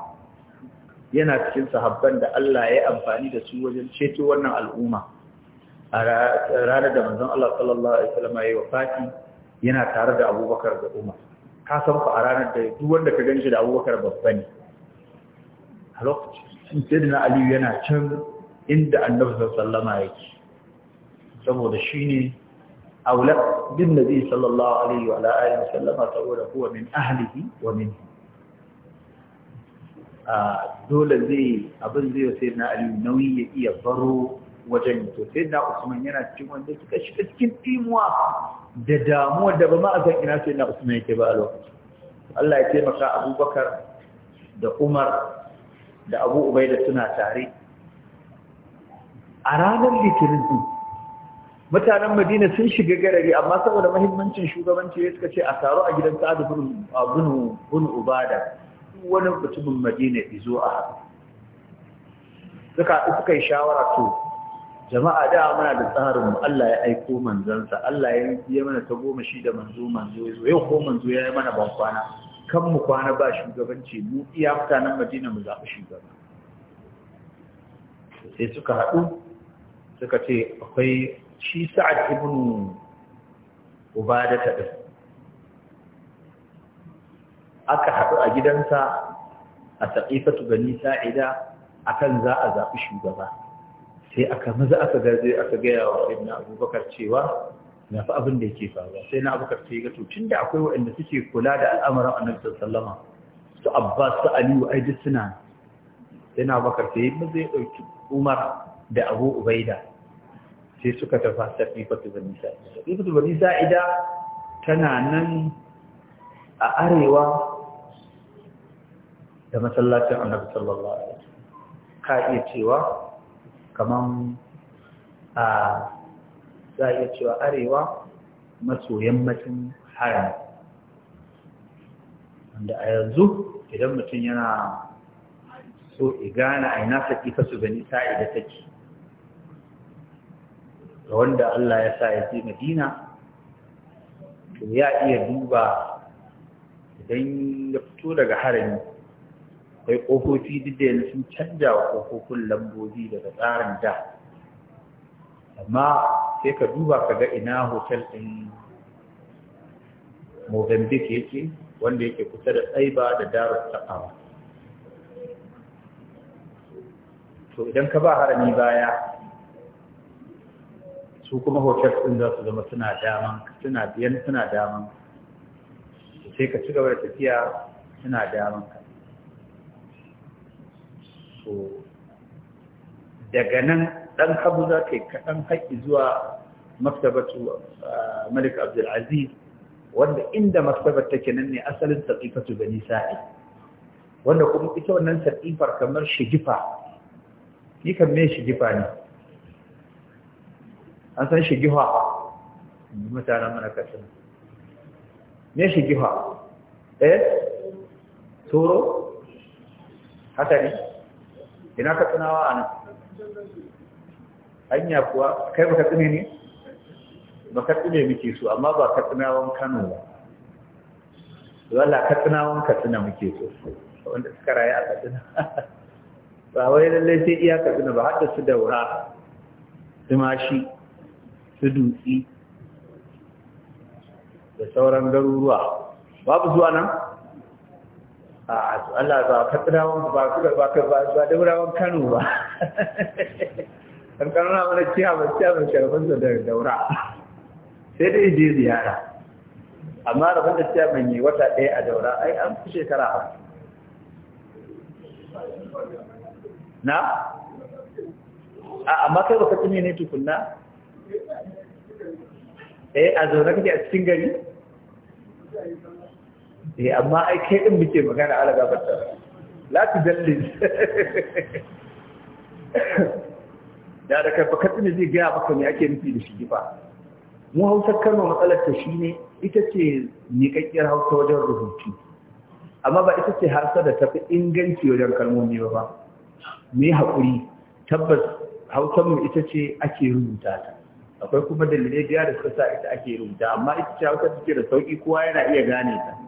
Speaker 1: yana cikin sahabban da Allah ya amfani da su wajen ceto wannan al'umma a ranar da manzon Allah sallallahu alaihi wasallam wa wafati yana tare da Abubakar da Umar ka san ku a ranar da duk wanda ka ganshi da Abubakar babba ne a lokacin sayyidina Ali yana can inda Annabi sallallahu alaihi yake saboda shi shine aula bin Nabi sallallahu alaihi wa alihi sallama saboda huwa min ahlihi wa min. dole zai abin zai wa sai na aliyu nauyi ya iya baro wajen to sai na usman yana cikin wanda suka shiga cikin timuwa da damuwa da ba ma a san ina sai na usman yake ba a Allah ya taimaka abubakar da umar da abu ubaida suna tare a ranar litinin din mutanen madina sun shiga garari amma saboda mahimmancin shugabanci ya suka ce a taro a gidan sa'adu bin ubada wani mutumin madina izo a haka suka suka yi shawara to jama'a da muna da tsarin mu Allah ya aiko manzansa Allah ya yi mana ta goma shi da manzo manzo yau ko manzo ya yi mana bankwana. kwana kan mu kwana ba shugabanci mu iya mutanen Madina mu zaɓi shugaba sai suka haɗu suka ce akwai shi Sa'ad ibn Ubada ta din aka haɗu a gidansa a Saqifatu Bani Sa'ida akan za a zaɓi shugaba sai aka maza aka gaje aka gaya wa sayyidina abubakar cewa na fa abin da yake faruwa sai na abubakar sai ga to tunda akwai waɗanda suke kula da al'amuran annabi sallallahu alaihi su abbas su aliyu ai duk suna sai na abubakar sai maza ya dauki umar da abu ubaida sai suka tafa safifatu bani sa'ida safifatu bani sa'ida tana nan a arewa da masallacin annabi sallallahu alaihi wasallam ka iya cewa kamar a za a iya cewa arewa maso yammacin haram wanda a yanzu idan mutum yana so igana a ina saki su gani sa'i da take ga wanda Allah ya sa ya je Madina to ya iya duba idan ya fito daga harami akwai ƙofofi duk da sun canja wa ƙofofin lambobi daga tsarin da amma sai ka duba ka ga ina hotel ɗin mozambique yake wanda yake kusa da tsaiba da darar taɓawa to idan ka ba harami baya su kuma hotel ɗin za su zama suna daman suna biyan suna daman sai ka ci gaba da tafiya suna daman ka to daga nan ɗan habu za ka yi kaɗan haƙƙi zuwa maktabatu uh, malik abdulaziz wanda inda maktabar take nan ne asalin sarƙifatu bani sa'i wanda kuma ita wannan sarƙifar kamar shigifa ni kan me shigifa ne an san shigifa mutanen mana kasin me shigifa eh tsoro haka ne ina ka tsinawa a nan hanya kuwa kai ka tsine ne ka tsine muke so amma ba ka tsinawan Kano ba wala ka tsinawan Katsina muke so wanda suka rayu a Katsina ba wai lallai sai iya Katsina ba har da su daura su mashi su dutsi da sauran garuruwa babu zuwa nan a Allah ba katsirawan ba kuka ba ka ba daurawan Kano ba kan na mana ciya ba ciya mai sharafin da daura sai dai je ziyara amma rabin da ciya mai yi wata ɗaya a daura ai an fi shekara a na a amma kai baka tuni ne tukunna eh a zaune kake a cikin gari eh amma ai kai din muke magana ala gabata la tudallil da da kai fakat ne zai ga baka me ake nufi da shi fa mu Hausa Kano matsalar ta shine ita ce ni kakkiyar Hausa wajen rubutu amma ba ita ce harsa da tafi inganci wajen kalmomi ba ba me hakuri tabbas Hausa mu ita ce ake rubuta ta akwai kuma dalilai da suka sa ita ake rubuta amma ita ce Hausa take da sauki kowa yana iya gane ta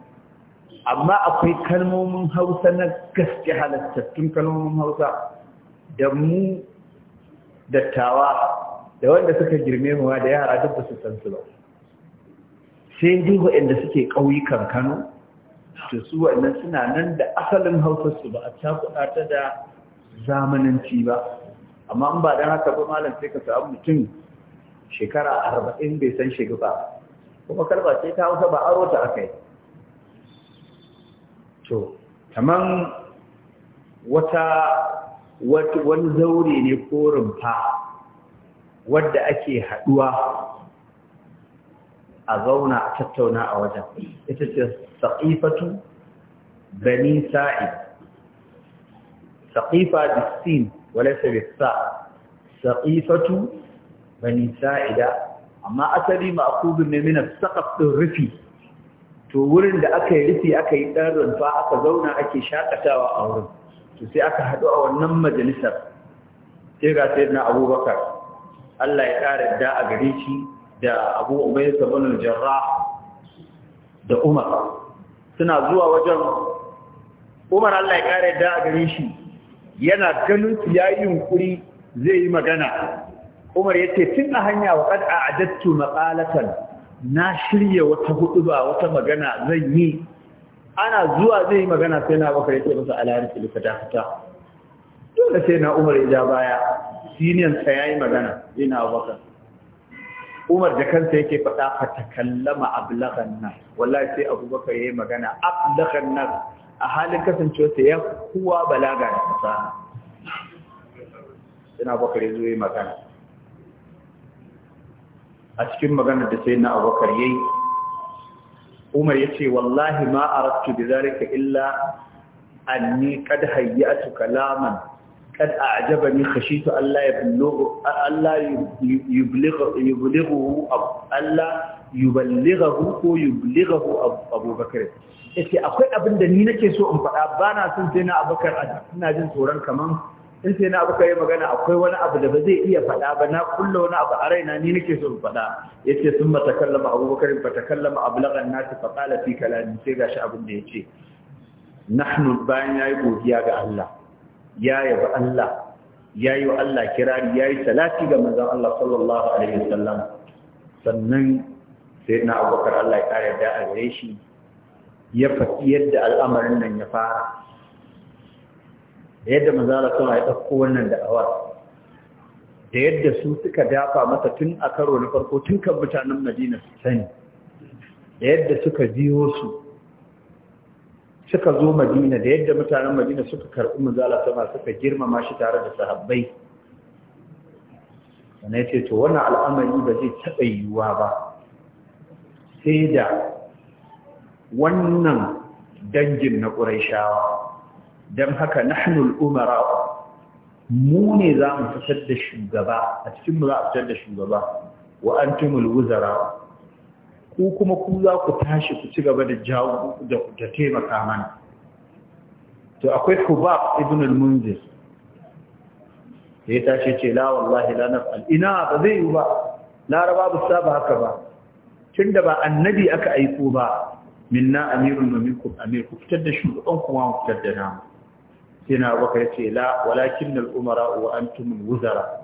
Speaker 1: amma akwai kalmomin hausa na gaske halartattun kalmomin hausa da mu dattawa da wanda suka girme muwa da yara duk ba su san su ba sai duk waɗanda suke ƙauyukan kano to su waɗannan suna nan da asalin hausa su ba a cakuɗa ta da zamananci ba amma in ba don haka ba malam sai ka samu mutum shekara arba'in bai san shiga ba kuma kalba sai ta hausa ba aro ta aka yi to kaman wata wani zaure ne ko rumfa wadda ake haduwa a zauna a tattauna a wajen ita ce saƙifatu bani sa'id saƙifa da sin wale sa saƙifatu bani sa'ida amma asali ma'akubin ne minar saƙaf ɗin rufi to wurin da aka yi rufi aka yi ɗan rumfa aka zauna ake shakatawa a wurin to sai aka haɗu a wannan majalisar sai ga sai na abubakar Allah ya ƙara da a gare shi da abu ubai sabanin jarra da umar suna zuwa wajen umar Allah ya ƙara da a gare shi yana ganin su ya yi yunkuri zai yi magana umar ya ce tun a hanya wa ƙad'a a dattu maƙalatan na shirya wata hudu ba wata magana zai yi ana zuwa zai yi magana sai na baka yake masa alhari filifa ta fita dole sai na umar ya ja baya siniyan sa ya yi magana na baka umar da kansa yake faɗa fata kallama ablagan nan wallahi sai abubakar ya yi magana ablagan nan a halin kasancewarsa ya kuwa balaga da fasaha yana bakar ya yi magana a cikin magana da sai na abubakar yayi umar ya ce wallahi ma arattu bi zalika illa anni kad hayyatu kalaman kad a'jabani khashitu alla yablughu alla yublughu yublughu alla yuballighahu ko yublughahu abubakar yace akwai abin da ni nake so in faɗa bana son sai na abubakar ina jin tsoron kamar in sai na abu kai magana akwai wani abu da ba zai iya faɗa ba na kulla wani abu a raina ni nake so in faɗa yace sun matakallama ta kallama abubakar ba ta kallama ablagan nasi fa qala fi kalami sai gashi abin da yace nahnu bayan yayi godiya ga Allah ya yabi Allah wa Allah kirari yayi salati ga manzon Allah sallallahu alaihi wasallam sannan sai na abubakar Allah ya kare da a gare shi ya faɗi yadda al'amarin nan ya fara da yadda manzala suna ya ɗauko wannan da'awar da yadda su suka dafa masa tun a karo na farko tun kan mutanen madina su sani da yadda suka biyo su suka zo madina da yadda mutanen madina suka karɓi manzala sama, suka girmama shi tare da sahabbai wanda ya ce to wannan al'amari ba zai taɓa yiwuwa ba sai da wannan dangin na shawa. don haka nahnul umara mu ne za mu fitar da shugaba a cikin mu za a fitar da shugaba wa antumul wuzara ku kuma ku za ku tashi ku ci gaba da jawo da taimaka mana to akwai hubab ibn al-munzir ya tashi ce la wallahi la naf'al ina ba zai yi ba laraba ba saba haka ba tunda ba annabi aka aiko ba minna amirun wa minkum amir ku fitar da shugaban kuma ku fitar da namu Sina baka ya ce la walakin na umara wa antumul wuzara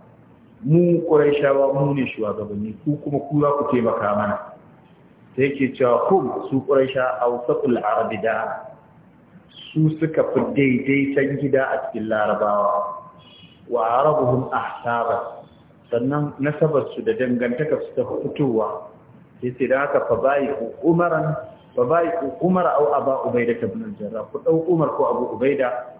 Speaker 1: mu shawa mu ne shugabanni ku kuma ku za ku taimaka mana Ta yake cewa kun su quraisha awsatul arabi da su suka fi daidaitan gida a cikin larabawa wa arabuhum ahsaba sannan nasabarsu da dangantaka su ta fitowa Ya ce da haka fa bayi umaran fa bayi umara au aba ubaida ibn jarrah ku dau umar ko abu ubaida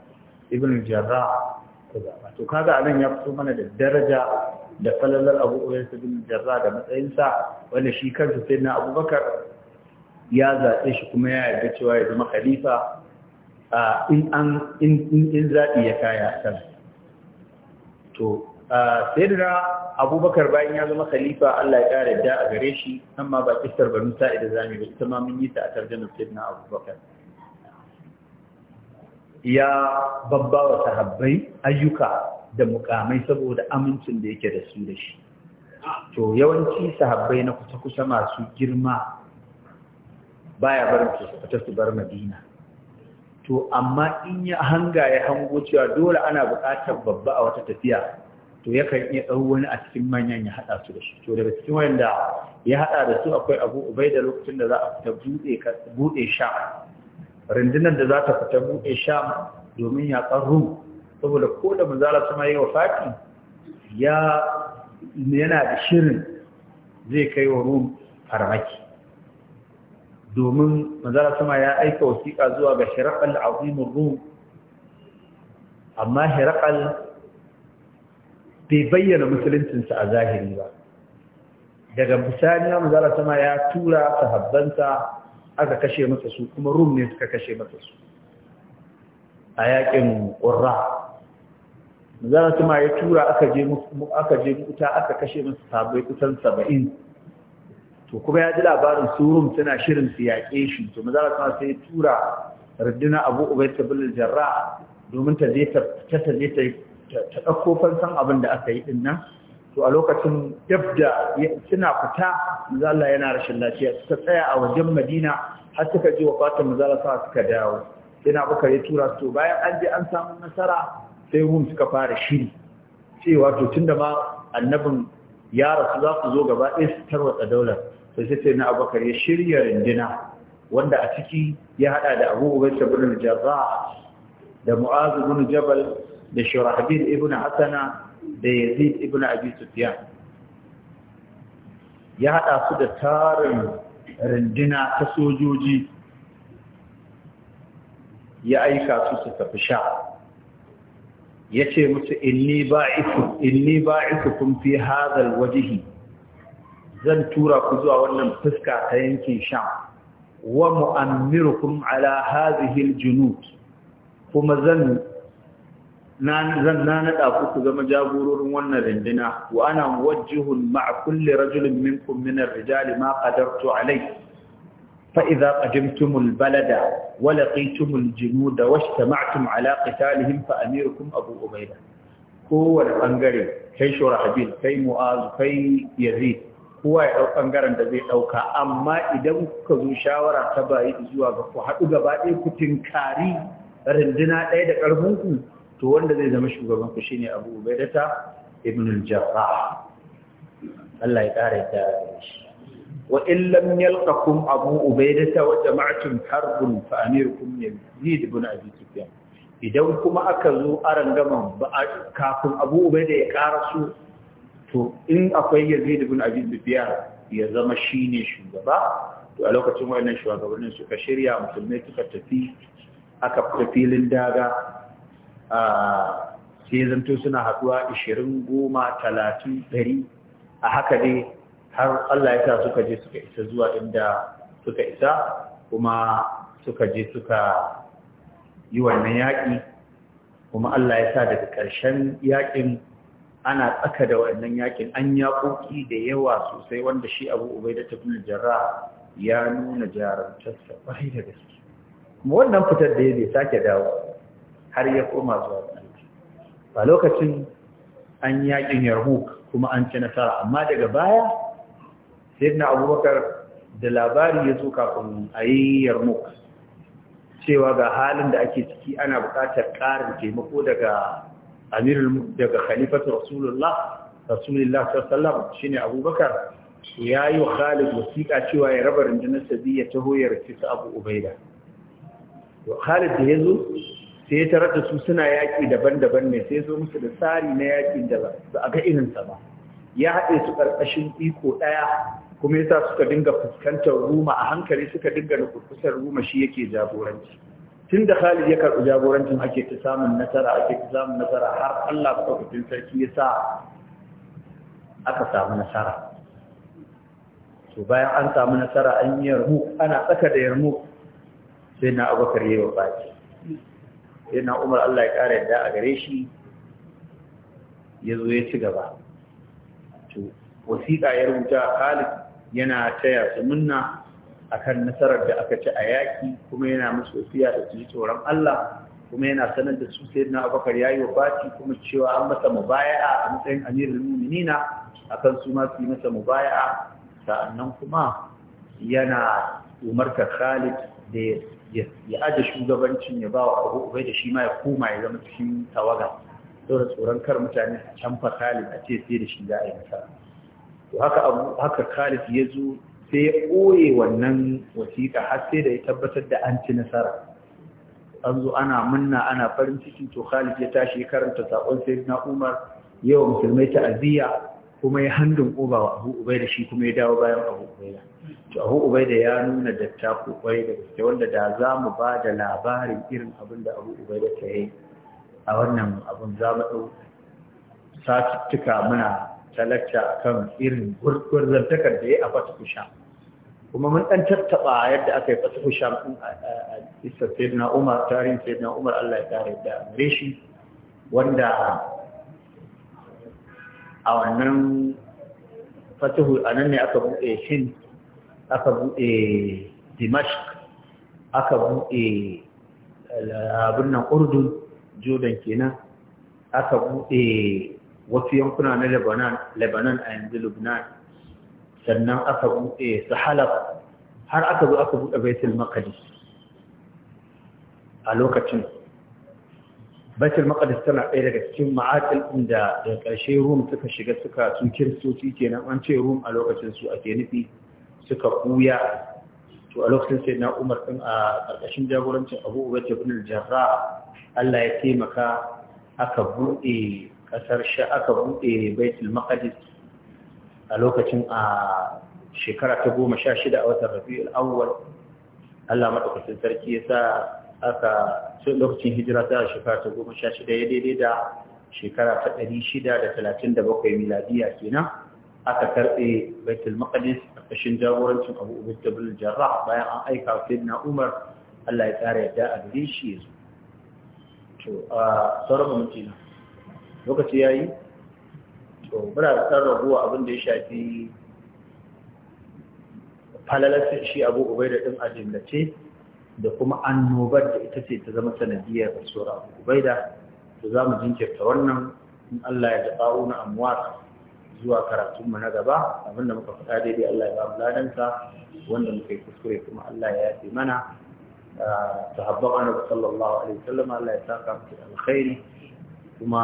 Speaker 1: ibn jarra kaza to kaga anan ya fito mana da daraja da falalar abu uwais ibn jarra da matsayinsa wanda shi kansa sai na abubakar ya zaɓe shi kuma ya yarda cewa ya zama khalifa in an in zaɓi ya kaya kan to sayyidina abubakar bayan ya zama khalifa Allah ya ƙara da a gare shi amma ba kistar banu sa'ida zamu ba ita ma mun yi ta a tarjumar sayyidina abubakar ya babba wa sahabbai ayyuka da mukamai saboda amincin da yake da su da shi to yawanci sahabbai na kusa-kusa masu girma baya barin su fata su bar madina to amma in ya hanga ya hango cewa dole ana buƙatar babba a wata tafiya to ya kan iya ɗau wani a cikin manyan ya haɗa su da shi to daga cikin wanda ya haɗa da su akwai abu ubai da lokacin da za a fita buɗe sha rundunar da za ta fita buɗe sham domin yaƙar rum saboda ko da manzala sama yi wa fati ya yana da shirin zai kai wa rum farmaki domin manzala sama ya aika wasiƙa zuwa ga shirakal azimin rum amma shirakal bai bayyana musuluncinsa a zahiri ba daga bisani manzala sama ya tura sahabbansa aka kashe masa su kuma rum ne suka kashe masa su a yakin ƙurra zara tuma ya tura aka je aka aka kashe masa sabai kusan saba'in to kuma ya ji labarin su rum suna shirin su yaƙe shi to mazara tuma sai ya tura runduna abu ubai tabbil jarra domin ta je ta ta ta ta ɗauko fansan abin da aka yi din nan to a lokacin dabda suna fita manzo Allah yana rashin lafiya suka tsaya a wajen Madina har suka ji wafatin manzo Allah sa suka dawo yana Abubakar ya tura su bayan an je an samu nasara sai mun suka fara shiri cewa to tunda ma annabin ya rasu za su zo gaba ɗaya su tarwatsa daular sai sai sai na Abubakar ya shirya rindina wanda a ciki ya haɗa da Abu Ubayd ibn da Mu'azu bin Jabal da Shurahbil ibn Hasana da yazid ibn abi sufyan ya haɗa su da tarin rindina ta sojoji ya aika su su tafi sha ya ce musu inni ba'isu kun fi hazal wajihi zan tura ku zuwa wannan fuska ta yankin sha wa kun ala hazihil junut kuma zan zan na nada ku ku zama jagororin wannan rindina wa ana muwajjihu ma kulli rajulin minkum min ar-rijali ma qadartu alai fa idza qadimtum balada walaƙi tumul jimu, da wa ijtama'tum ala qitalihim fa amirukum abu ubayda kowace bangare kai shura habil kai mu'az kai yazid kowa ya dauka bangaren da zai ɗauka. amma idan kuka zo shawara ta bayi zuwa baku haɗu gaba ɗaya ku tinkari rindina ɗaya da ƙarfin ku to wanda zai zama shugaban ku shine Abu Ubaidata ibn al-Jarrah Allah ya kare ta shi wa in lam yalqakum Abu Ubaidata wa jama'atun harbun fa amirukum Yazid ibn Abi Sufyan idan kuma aka zo aran gaman kafin Abu Ubaida ya karasu to in akwai Yazid ibn Abi Sufyan ya zama shine shugaba to a lokacin wannan shugabannin suka shirya musulmai suka tafi aka fita filin daga sai zanto suna haduwa 20 goma 30 a haka dai har Allah ya sa suka je suka isa zuwa inda suka isa kuma suka je suka yi wannan yaƙi kuma Allah ya sa daga ƙarshen yaƙin ana tsaka da wannan yaƙin an yaƙoƙi da yawa sosai wanda shi abu ubai da tafi jarra ya nuna jarantarsa ƙwarai da gaske kuma wannan fitar da ya bai sake dawo har ya koma zuwa ga ba lokacin an yakin yarhuk kuma an ci nasara amma daga baya sai na abubakar da labari ya zo kafin a yi yarmuk cewa ga halin da ake ciki ana buƙatar ƙarin taimako daga amirul daga khalifatu rasulullah rasulullah sallallahu shine abubakar ya yi wa khalid wasiƙa cewa ya raba rundunar sabi ta hoyar ya abu ubaida khalid da ya zo sai tarar da su suna yaƙi daban-daban ne sai zo musu da tsari na yaƙin da ba a ga irinsa ba ya haɗe su ƙarƙashin iko ɗaya kuma yasa suka dinga fuskantar ruma a hankali suka dinga nukurkusar ruma shi yake jagoranci tun da Khalid ya karɓi jagorancin ake ta samun nasara ake ta samun nasara har Allah maɗaukakin sarki ya sa aka samu nasara to bayan an samu nasara an yi yarmu ana tsaka da yarmu sai na abubakar yi wa baki Yana umar Allah ya ƙara yadda a gare shi ya zo ya ci gaba wasiƙa ya rubuta Khalid yana taya su munna akan nasarar da aka ci a yaƙi kuma yana musu wasiya da suyi tsoron Allah kuma yana sanar da su sai na abakar ya yi Fati kuma cewa an masa mubaya'a a matsayin amirul muminina akan su ma su yi masa mubaya'a sa'annan kuma yana umarta Khalid da ya ya aje shugabancin ya ba wa abu ubai da shi ma ya koma ya zama cikin tawaga saboda tsoron kar mutane a canfa Khalid a ce sai da shi za a yi nasara to haka abu haka Khalid ya zo sai ya ɓoye wannan wasiƙa har sai da ya tabbatar da an ci nasara an zo ana munna ana farin ciki to Khalid ya tashi ya karanta saƙon na Umar yawa musulmai ta'aziyya kuma ya handin uba wa Abu da shi kuma ya dawo bayan Abu shi to abu ubaida ya nuna datta kwai da gaske wanda da za mu ba da labarin irin abin da abu ubaida ta yi a wannan abin za mu ɗau satuttuka muna talakta a kan irin gwarzantakar da ya a fata kuma mun ɗan tattaɓa yadda aka yi fata kusha a isar sayyidina umar tarihin sayyidina umar allah ya kare da gare shi wanda a wannan fatihu a nan ne aka buɗe shin aka buɗe dimashk aka buɗe eh, abin nan urdun jordan kenan aka buɗe wasu yankuna na lebanon a yanzu lubnan sannan aka buɗe su halab har aka zo aka buɗe baitul maqdis a lokacin baitul maqdis tana ɗaya daga cikin ma'aƙil inda da ƙarshe rum suka shiga suka sun kiristoci kenan an ce rum a lokacin su ake nufi suka buya to a lokacin sai na umar ɗin a ƙarƙashin jagorancin abu ubaid ibn jarra Allah ya taimaka aka buɗe ƙasar sha aka buɗe baitul maqdis a lokacin a shekara ta goma sha shida a watan rabi'ul awwal Allah madaukakin sarki ya sa aka lokacin hijira ta shekara ta goma sha shida ya daidai da shekara ta ɗari shida da talatin da bakwai miladiya kenan aka karɓe baitul maqdis ƙashin jagorancin abu ubud da bin jarrah bayan an aika wa sayyidina umar allah ya tsara yadda a gari shi ya zo to a sauran mamaci na lokaci ya yi to muna da tsarin raguwa abin da ya shafi falalasin shi abu ubai da ɗin ajimlace da kuma annobar da ita ce ta zama sanadiyar rasuwar abu ubai da to za mu jinkirta wannan in allah ya jaɓa'u na amwar zuwa karatunmu na gaba abinda muka faɗa daidai Allah ya ba mu ladansa wanda muka yi kuskure kuma Allah ya yafe mana wani ah, ba sallallahu alaihi sallam. Allah ya saka musu alkhairi kuma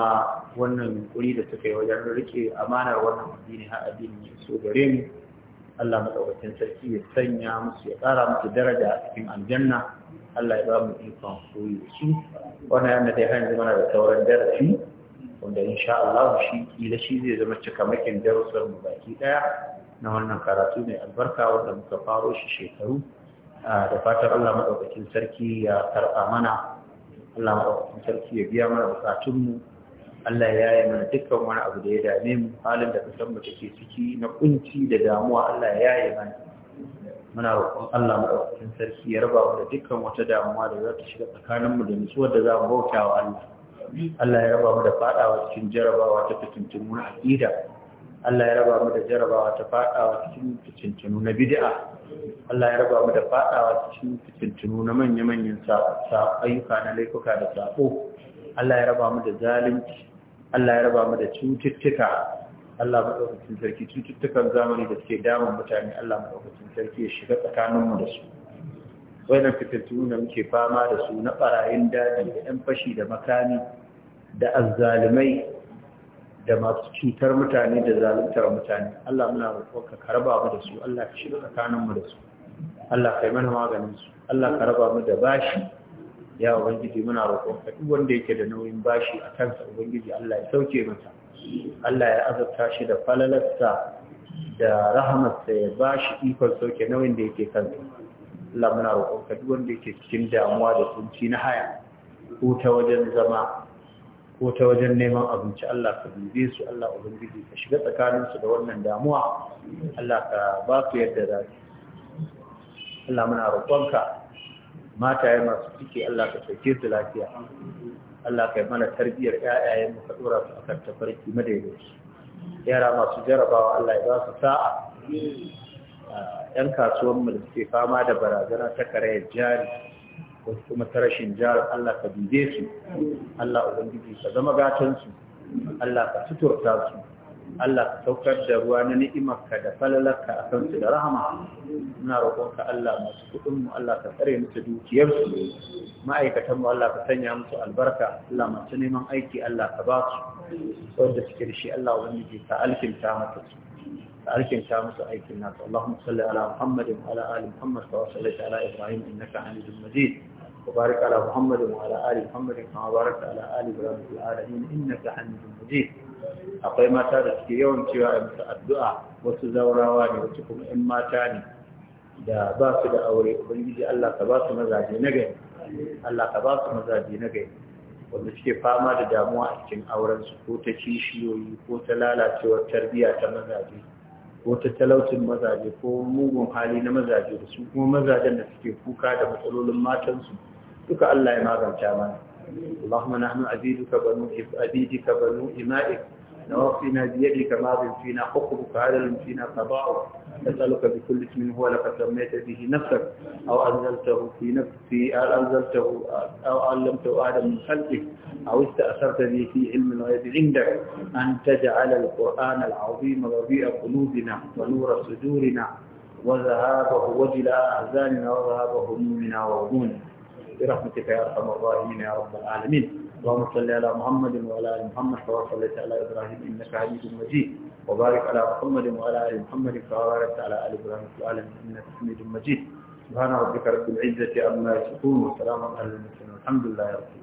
Speaker 1: wannan yunkuri da suka yi wajen rike amanar wannan addini har addini ya so gare mu Allah madaukakin sarki ya sanya musu ya ƙara musu daraja a cikin aljanna Allah ya ba mu ikon koyi da su wannan yana da hanzu mana da sauran darasi wanda insha Allah shi kila shi zai zama makin darussan mu baki daya na wannan karatu mai albarka wanda muka faro shi shekaru ah, da fatan Allah madaukakin sarki ya karba mana Allah madaukakin sarki ya biya mana bukatun mu Allah ya yi mana dukkan wani abu da ya dame mu halin da kasan mu take ciki na kunci da damuwa Allah ya yi mana muna roƙon Allah madaukakin sarki ya raba mu da dukkan wata damuwa da za ta shiga tsakanin mu da nutsuwar da za mu bauta wa Allah Allah ya raba mu da fadawa cikin jarabawa ta fitintunu na aqida Allah ya raba mu da jarabawa ta fadawa cikin fitintunu na bid'a Allah ya raba mu da fadawa cikin fitintunu na manya-manyan ayyuka na laifuka da sako Allah ya raba mu da zalunci Allah ya raba mu da cututtuka Allah madaukakin sarki cututtukan zamani da suke damun mutane Allah madaukakin sarki ya shiga tsakaninmu da su wannan fitattunu da muke fama da su na barayin daji da 'yan fashi da makami da azzalumai da masu cutar mutane da zaluntar mutane Allah muna roƙonka ka raba mu da su Allah ka shiga tsakaninmu mu da su Allah kai mana maganin su Allah ka raba mu da bashi ya ubangiji muna roƙonka duk wanda yake da nauyin bashi a kansa ubangiji Allah ya sauke masa Allah ya azabta shi da falalarsa da rahamarsa ya ba shi ikon sauke nauyin da yake kansa. Allah muna roƙonka duk wanda yake cikin damuwa da kunci na haya ko ta wajen zama ko ta wajen neman abinci Allah ka dube su Allah ubangiji ka shiga tsakanin su da wannan damuwa Allah ka ba su yadda za su Allah muna roƙonka mataye masu ciki Allah ka sauke su lafiya Allah ka yi mana tarbiyyar ƴaƴayen mu ka dora su akan tafarki madaidaici yara masu jarabawa Allah ya ba su sa'a ‘yan kasuwan mu da suke fama da barazana ta karayar jari wasu kuma ta rashin jihar Allah ka dube su Allah ubangiji ka zama gatansu Allah ka suturta su Allah ka saukar da ruwa na ni'imarka da falalarka a kansu da rahama muna roƙonka Allah masu kuɗinmu Allah ka tsare musu dukiyarsu ma'aikatanmu Allah ka sanya musu albarka Allah masu neman aiki Allah ka ba su wanda suke da shi Allah wani ke ka alkinta mata su ka alkinta musu aikin nasu Allahumma salli ala Muhammadin wa ala ali Muhammad wa sallaita ala Ibrahim innaka Hamidum Majid وبارك على محمد وعلى آل محمد كما باركت على آل إبراهيم في العالمين إنك حميد مجيد akwai mata da suke yawan cewa a musu addu'a wasu zaurawa ne wasu kuma 'yan mata ne da ba su da aure ubangiji Allah ka ba su mazaje na gari Allah ka ba su mazaje na gari wanda suke fama da damuwa a cikin auren su ko ta kishiyoyi ko ta lalacewar tarbiyya ta mazaje ko ta talautin mazaje ko mugun hali na mazaje da su kuma mazajen da suke kuka da matsalolin matansu duka Allah ya magance mana اللهم نحن عبيدك بنو عبيدك بنو إمائك نواصينا بيدك ما فينا حكمك عدل فينا قضاءك نسألك بكل اسم هو لك سميت به نفسك أو أنزلته في نفسي أو أنزلته أو علمته آدم من خلقك أو استأثرت به في علم الغيب عندك أن تجعل القرآن العظيم ربيع قلوبنا ونور صدورنا وذهابه وجلاء أحزاننا وذهاب همومنا وغمومنا برحمتك يا ارحم الراحمين يا رب العالمين اللهم صل على محمد وعلى ال محمد كما صليت على ابراهيم انك حميد مجيد وبارك على محمد وعلى ال محمد كما باركت على ال ابراهيم في العالمين انك حميد مجيد سبحان ربك رب العزه عما يصفون وسلام على المرسلين والحمد لله رب العالمين